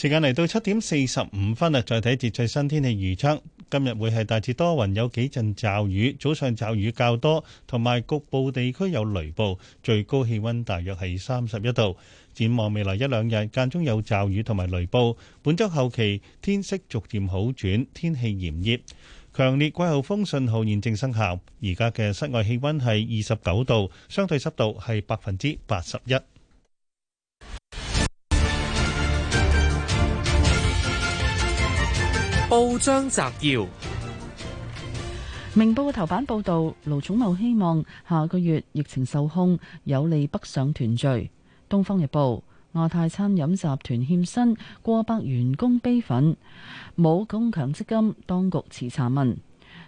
時間嚟到七點四十五分啦，再睇一節最新天氣預測。今日會係大致多雲，有幾陣驟雨，早上驟雨較多，同埋局部地區有雷暴。最高氣溫大約係三十一度。展望未來一兩日，間中有驟雨同埋雷暴。本周後期天色逐漸好轉，天氣炎熱。強烈季候風信號現正生效。而家嘅室外氣溫係二十九度，相對濕度係百分之八十一。報章摘要：明報嘅頭版報道，盧寵茂希望下個月疫情受控，有利北上團聚。東方日報，亞太餐飲集團欠薪，過百員工悲憤，冇工強積金，當局持查問。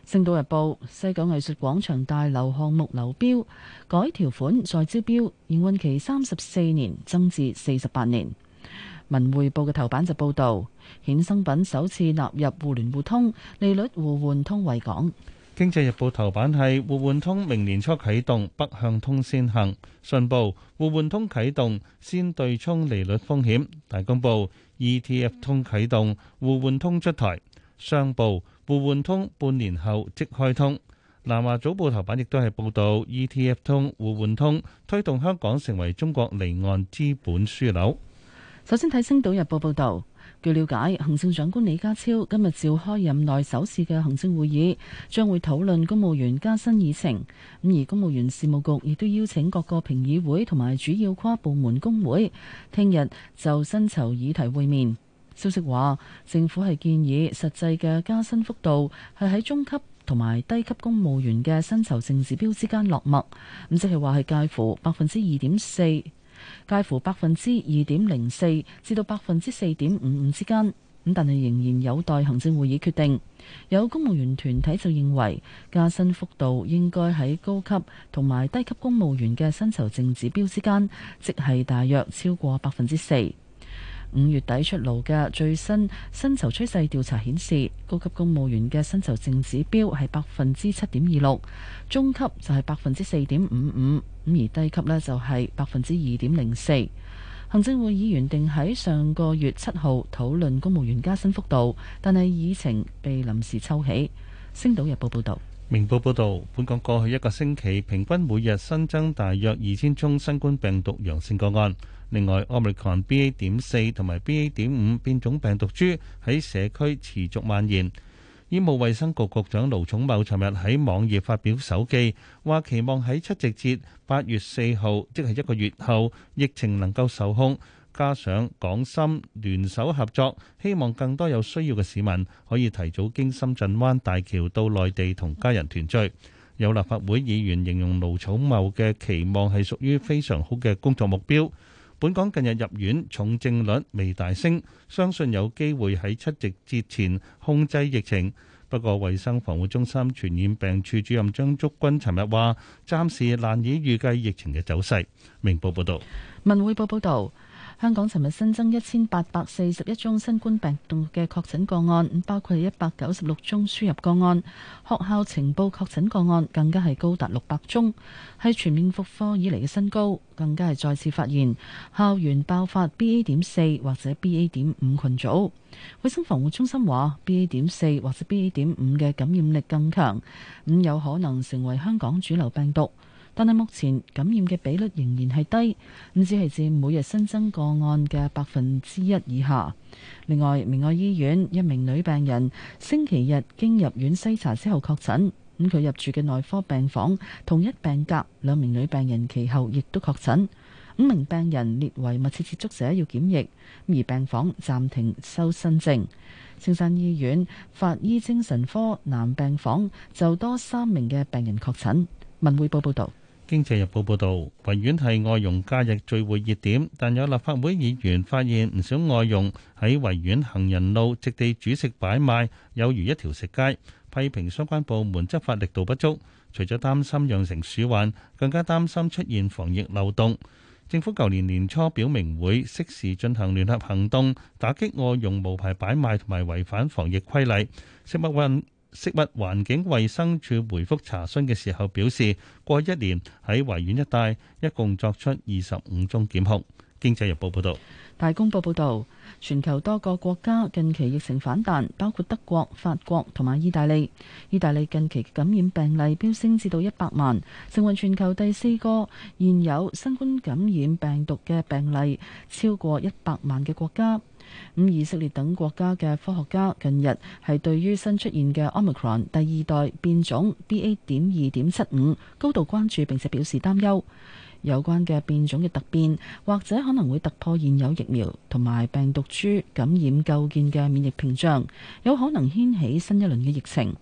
星島日報，西九藝術廣場大樓項目流標改條款再，再招標營運期三十四年增至四十八年。文匯報嘅頭版就報道，衍生品首次納入互聯互通，利率互換通為港。經濟日報頭版係互換通明年初啟動，北向通先行。信報互換通啟動，先對沖利率風險。大公報，ETF 通啟動，互換通出台。商報互換通半年後即開通。南華早報頭版亦都係報道 ETF 通、互換通推動香港成為中國離岸資本樞紐。首先睇《星島日報》報導，據了解，行政長官李家超今日召開任內首次嘅行政會議，將會討論公務員加薪議程。咁而公務員事務局亦都邀請各個評議會同埋主要跨部門工會，聽日就薪酬議題會面。消息話，政府係建議實際嘅加薪幅度係喺中級同埋低級公務員嘅薪酬性指標之間落墨，咁即係話係介乎百分之二點四。介乎百分之二點零四至到百分之四點五五之間，咁但係仍然有待行政會議決定。有公務員團體就認為，加薪幅度應該喺高級同埋低級公務員嘅薪酬淨指標之間，即係大約超過百分之四。五月底出爐嘅最新薪酬趨勢調查顯示，高級公務員嘅薪酬正指標係百分之七點二六，中級就係百分之四點五五，咁而低級呢就係百分之二點零四。行政會議原定喺上個月七號討論公務員加薪幅度，但係議程被臨時抽起。星島日報報道，明報報道，本港過去一個星期平均每日新增大約二千宗新冠病毒陽性個案。另外，Omicron BA 點四同埋 BA 點五變種病毒株喺社區持續蔓延。醫務衛生局局長盧寵茂尋日喺網頁發表手記，話期望喺七夕節八月四號，即係一個月後，疫情能夠受控。加上港深聯手合作，希望更多有需要嘅市民可以提早經深圳灣大橋到內地同家人團聚。有立法會議員形容盧寵茂嘅期望係屬於非常好嘅工作目標。本港近日入院重症率未大升，相信有機會喺七夕節前控制疫情。不過衛生防護中心傳染病處主任張竹君尋日話暫時難以預計疫情嘅走勢，明報報道，文匯報報導。香港尋日新增一千八百四十一宗新冠病毒嘅確診個案，包括一百九十六宗輸入個案。學校呈報確診個案更加係高達六百宗，係全面復課以嚟嘅新高，更加係再次發現校園爆發 BA. 點四或者 BA. 點五群組。衞生防護中心話，BA. 點四或者 BA. 點五嘅感染力更強，咁有可能成為香港主流病毒。但係目前感染嘅比率仍然係低，咁只係佔每日新增個案嘅百分之一以下。另外，明愛醫院一名女病人星期日經入院篩查之後確診，咁佢入住嘅內科病房同一病格兩名女病人其後亦都確診，五名病人列為密切接觸者要檢疫，而病房暫停收新症，青山醫院法醫精神科男病房就多三名嘅病人確診，文匯報報道。《經濟日報》報導，維園係外傭假日聚會熱點，但有立法會議員發現唔少外傭喺維園行人路直地煮食擺賣，有如一條食街，批評相關部門執法力度不足。除咗擔心養成鼠患，更加擔心出現防疫漏洞。政府舊年年初表明會適時進行聯合行動，打擊外傭無牌擺賣同埋違反防疫規例。食物運食物環境衞生署回覆查詢嘅時候表示，過去一年喺維園一帶一共作出二十五宗檢控。經濟日報報導，大公報報導，全球多個國家近期疫情反彈，包括德國、法國同埋意大利。意大利近期感染病例飆升至到一百萬，成為全球第四個現有新冠感染病毒嘅病例超過一百萬嘅國家。咁、嗯、以色列等國家嘅科學家近日係對於新出現嘅 Omicron 第二代變種 B A. 點二點七五高度關注，並且表示擔憂。有關嘅變種嘅突變，或者可能會突破現有疫苗同埋病毒株感染構建嘅免疫屏障，有可能掀起新一輪嘅疫情。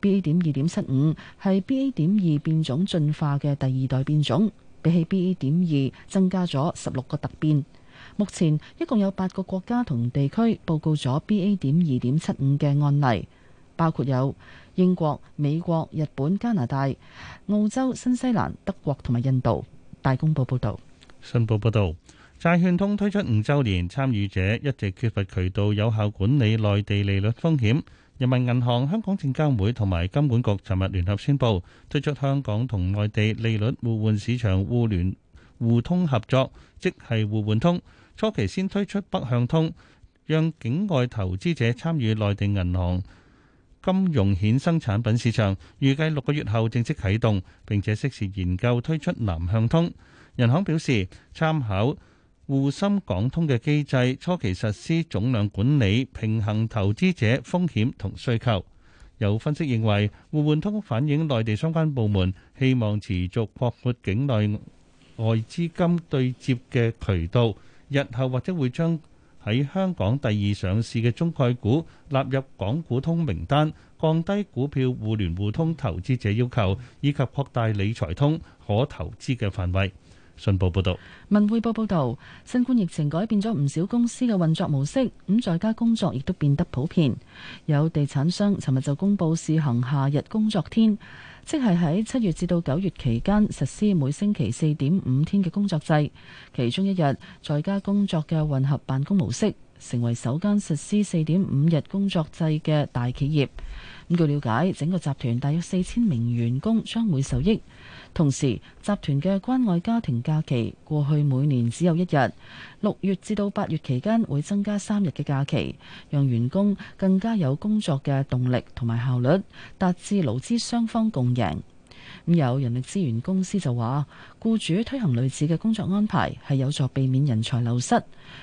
B A. 點二點七五係 B A. 點二變種進化嘅第二代變種，比起 B A. 點二增加咗十六個突變。目前一共有八個國家同地區報告咗 B. A. 點二點七五嘅案例，包括有英國、美國、日本、加拿大、澳洲、新西蘭、德國同埋印度。大公報報導，信報報導，債券通推出五週年，參與者一直缺乏渠道有效管理內地利率風險。人民銀行、香港證監會同埋金管局尋日聯合宣布，推出香港同內地利率互換市場互聯互通合作，即係互換通。初期先推出北向通，讓境外投資者參與內地銀行金融衍生產品市場。預計六個月後正式啟動，並且適時研究推出南向通。人行表示，參考滬深港通嘅機制，初期實施總量管理，平衡投資者風險同需求。有分析認為，互換通反映內地相關部門希望持續擴闊境內外資金對接嘅渠道。日後或者會將喺香港第二上市嘅中概股納入港股通名單，降低股票互聯互通投資者要求，以及擴大理財通可投資嘅範圍。信報報道，文匯報報道，新冠疫情改變咗唔少公司嘅運作模式，咁在家工作亦都變得普遍。有地產商尋日就公布試行夏日工作天。即係喺七月至到九月期間實施每星期四點五天嘅工作制，其中一日在家工作嘅混合辦公模式，成為首間實施四點五日工作制嘅大企業。咁據了解，整個集團大約四千名員工將會受益。同時，集團嘅關愛家庭假期過去每年只有一日，六月至到八月期間會增加三日嘅假期，讓員工更加有工作嘅動力同埋效率，達至勞資雙方共贏。有人力資源公司就話，僱主推行類似嘅工作安排係有助避免人才流失。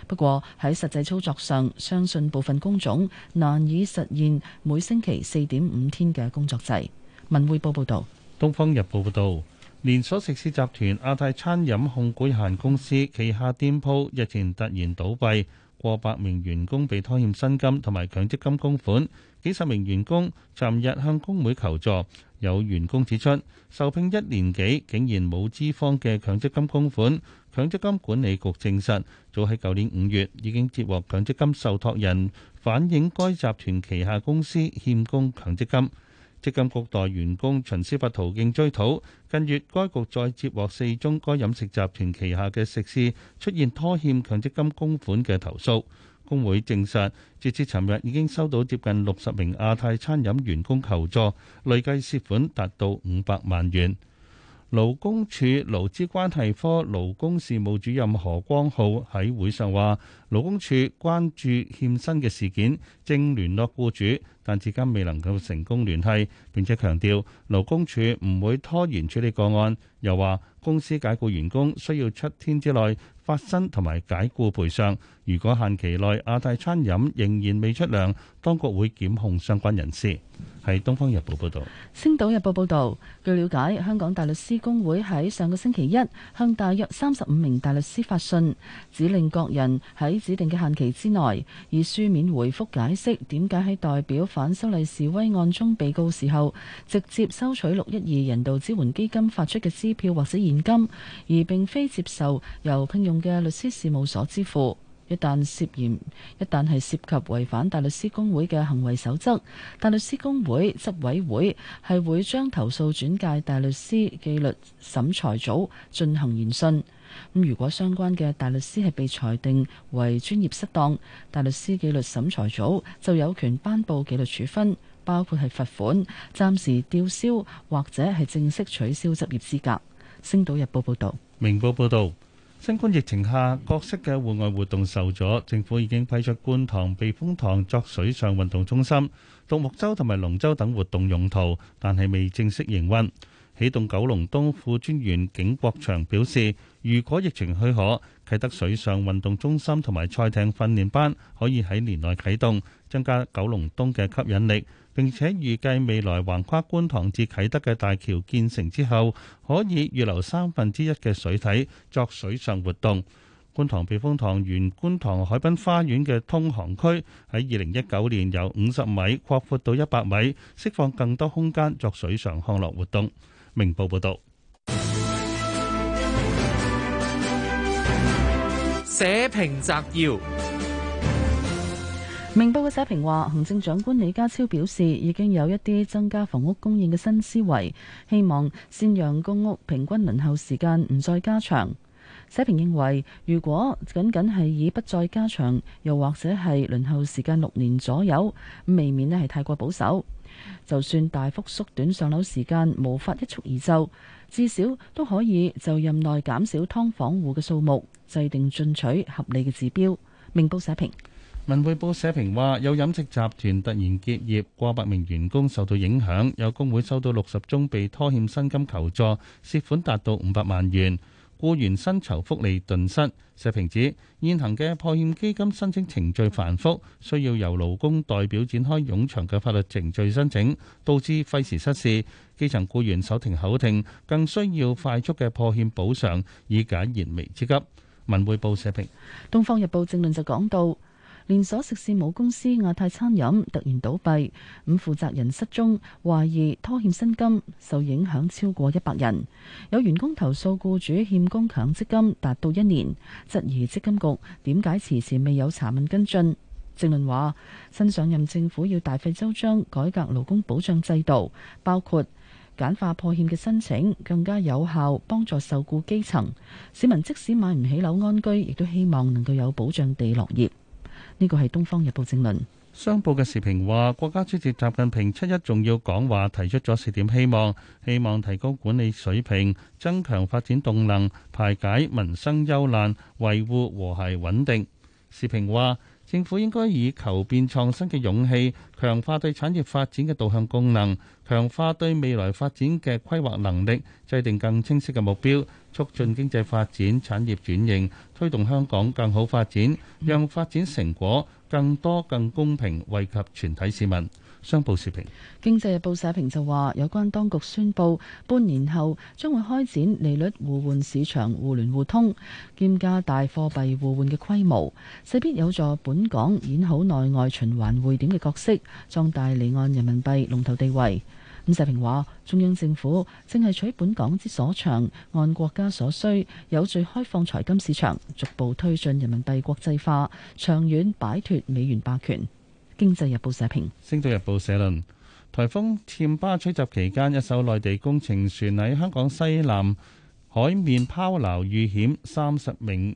不過喺實際操作上，相信部分工種難以實現每星期四點五天嘅工作制。文匯報報道。《東方日報》報導。連鎖食肆集團亞太餐飲控股有限公司旗下店鋪日前突然倒閉，過百名員工被拖欠薪金同埋強積金供款，幾十名員工尋日向工會求助。有員工指出，受聘一年幾，竟然冇資方嘅強積金供款。強積金管理局證實，早喺舊年五月已經接獲強積金受託人反映該集團旗下公司欠供強積金。積金局代員工循司法途徑追討，近月該局再接獲四宗該飲食集團旗下嘅食肆出現拖欠強積金供款嘅投訴。工會證實，截至尋日已經收到接近六十名亞太餐飲員工求助，累計涉款達到五百萬元。勞工處勞資關係科勞工事務主任何光浩喺會上話，勞工處關注欠薪嘅事件，正聯絡雇主，但至今未能夠成功聯繫，並且強調勞工處唔會拖延處理個案。又話公司解雇員工需要七天之內。發生同埋解雇賠償，如果限期內亞太餐飲仍然未出糧，當局會檢控相關人士。係東方日報報道，星島日報報道。據了解，香港大律師公會喺上個星期一向大約三十五名大律師發信，指令各人喺指定嘅限期之內以書面回復解釋，點解喺代表反修例示威案中被告時候，直接收取六一二人道支援基金發出嘅支票或者現金，而並非接受由聘用，嘅律師事務所支付，一旦涉嫌，一旦係涉及違反大律師工會嘅行為守則，大律師工會執委會係會將投訴轉介大律師紀律審裁組進行研訊。咁如果相關嘅大律師係被裁定為專業失當，大律師紀律審裁組就有權頒布紀律處分，包括係罰款、暫時吊銷或者係正式取消執業資格。星島日報報道，明報報道。新冠疫情下，各式嘅戶外活動受阻，政府已經批出觀塘避風塘作水上運動中心、獨木舟同埋龍舟等活動用途，但係未正式營運。起動九龍東副專員景國祥表示，如果疫情許可，啟德水上運動中心同埋賽艇訓練班可以喺年內啟動，增加九龍東嘅吸引力。並且預計未來橫跨觀塘至啟德嘅大橋建成之後，可以預留三分之一嘅水體作水上活動。觀塘避風塘、原觀塘海濱花園嘅通航區喺二零一九年由五十米擴闊到一百米，釋放更多空間作水上康樂活動。明報報導。社評摘要。明報嘅社評話，行政長官李家超表示已經有一啲增加房屋供應嘅新思維，希望先讓公屋平均輪候時間唔再加長。社評認為，如果僅僅係以不再加長，又或者係輪候時間六年左右，未免咧係太過保守。就算大幅縮短上樓時間，無法一蹴而就，至少都可以就任內減少劏房戶嘅數目，制定進取合理嘅指標。明報社評。文匯報社評話，有飲食集團突然結業，過百名員工受到影響。有工會收到六十宗被拖欠薪金求助，涉款達到五百萬元，雇員薪酬福利頓失。社評指現行嘅破欠基金申請程序繁複，需要由勞工代表展開冗長嘅法律程序申請，導致費時失事。基層雇員手停口停，更需要快速嘅破欠補償，以解燃眉之急。文匯報社評。《東方日報》正論就講到。連鎖食肆母公司亞太餐飲突然倒閉，咁負責人失蹤，懷疑拖欠薪金，受影響超過一百人。有員工投訴雇主欠工、強積金達到一年，質疑積金局點解遲遲未有查問跟進。政論話：新上任政府要大費周章改革勞工保障制度，包括簡化破欠嘅申請，更加有效幫助受雇基層市民。即使買唔起樓安居，亦都希望能夠有保障地樂業。呢個係《東方日報》正文。商報嘅時評話，國家主席習近平七一重要講話提出咗四點希望，希望提高管理水平，增強發展動能，排解民生憂難，維護和諧穩定。時評話，政府應該以求變創新嘅勇氣，強化對產業發展嘅導向功能，強化對未來發展嘅規劃能力，制定更清晰嘅目標，促進經濟發展、產業轉型、推動香港更好發展，讓發展成果更多、更公平惠及全體市民。商報視評，《經濟日報》社評就話，有關當局宣佈，半年後將會開展利率互換市場互聯互通，兼加大貨幣互換嘅規模，勢必有助本港演好內外循環匯點嘅角色，壯大離岸人民幣龍頭地位。咁社評話，中央政府正係取本港之所長，按國家所需，有序開放財金市場，逐步推進人民幣國際化，長遠擺脱美元霸權。經濟日報社評，星島日報社論。颱風暹芭吹襲期間，一艘內地工程船喺香港西南海面拋錨遇險，三十名，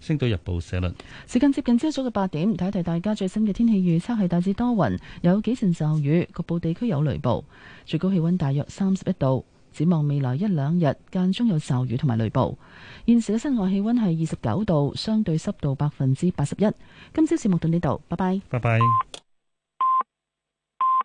升到日報》社論，時間接近朝早嘅八點，提一提大家最新嘅天氣預測係大致多雲，有幾陣驟雨，局部地區有雷暴，最高氣温大約三十一度。展望未來一兩日，間中有驟雨同埋雷暴。現時嘅室外氣温係二十九度，相對濕度百分之八十一。今朝節目到呢度，拜拜。拜拜。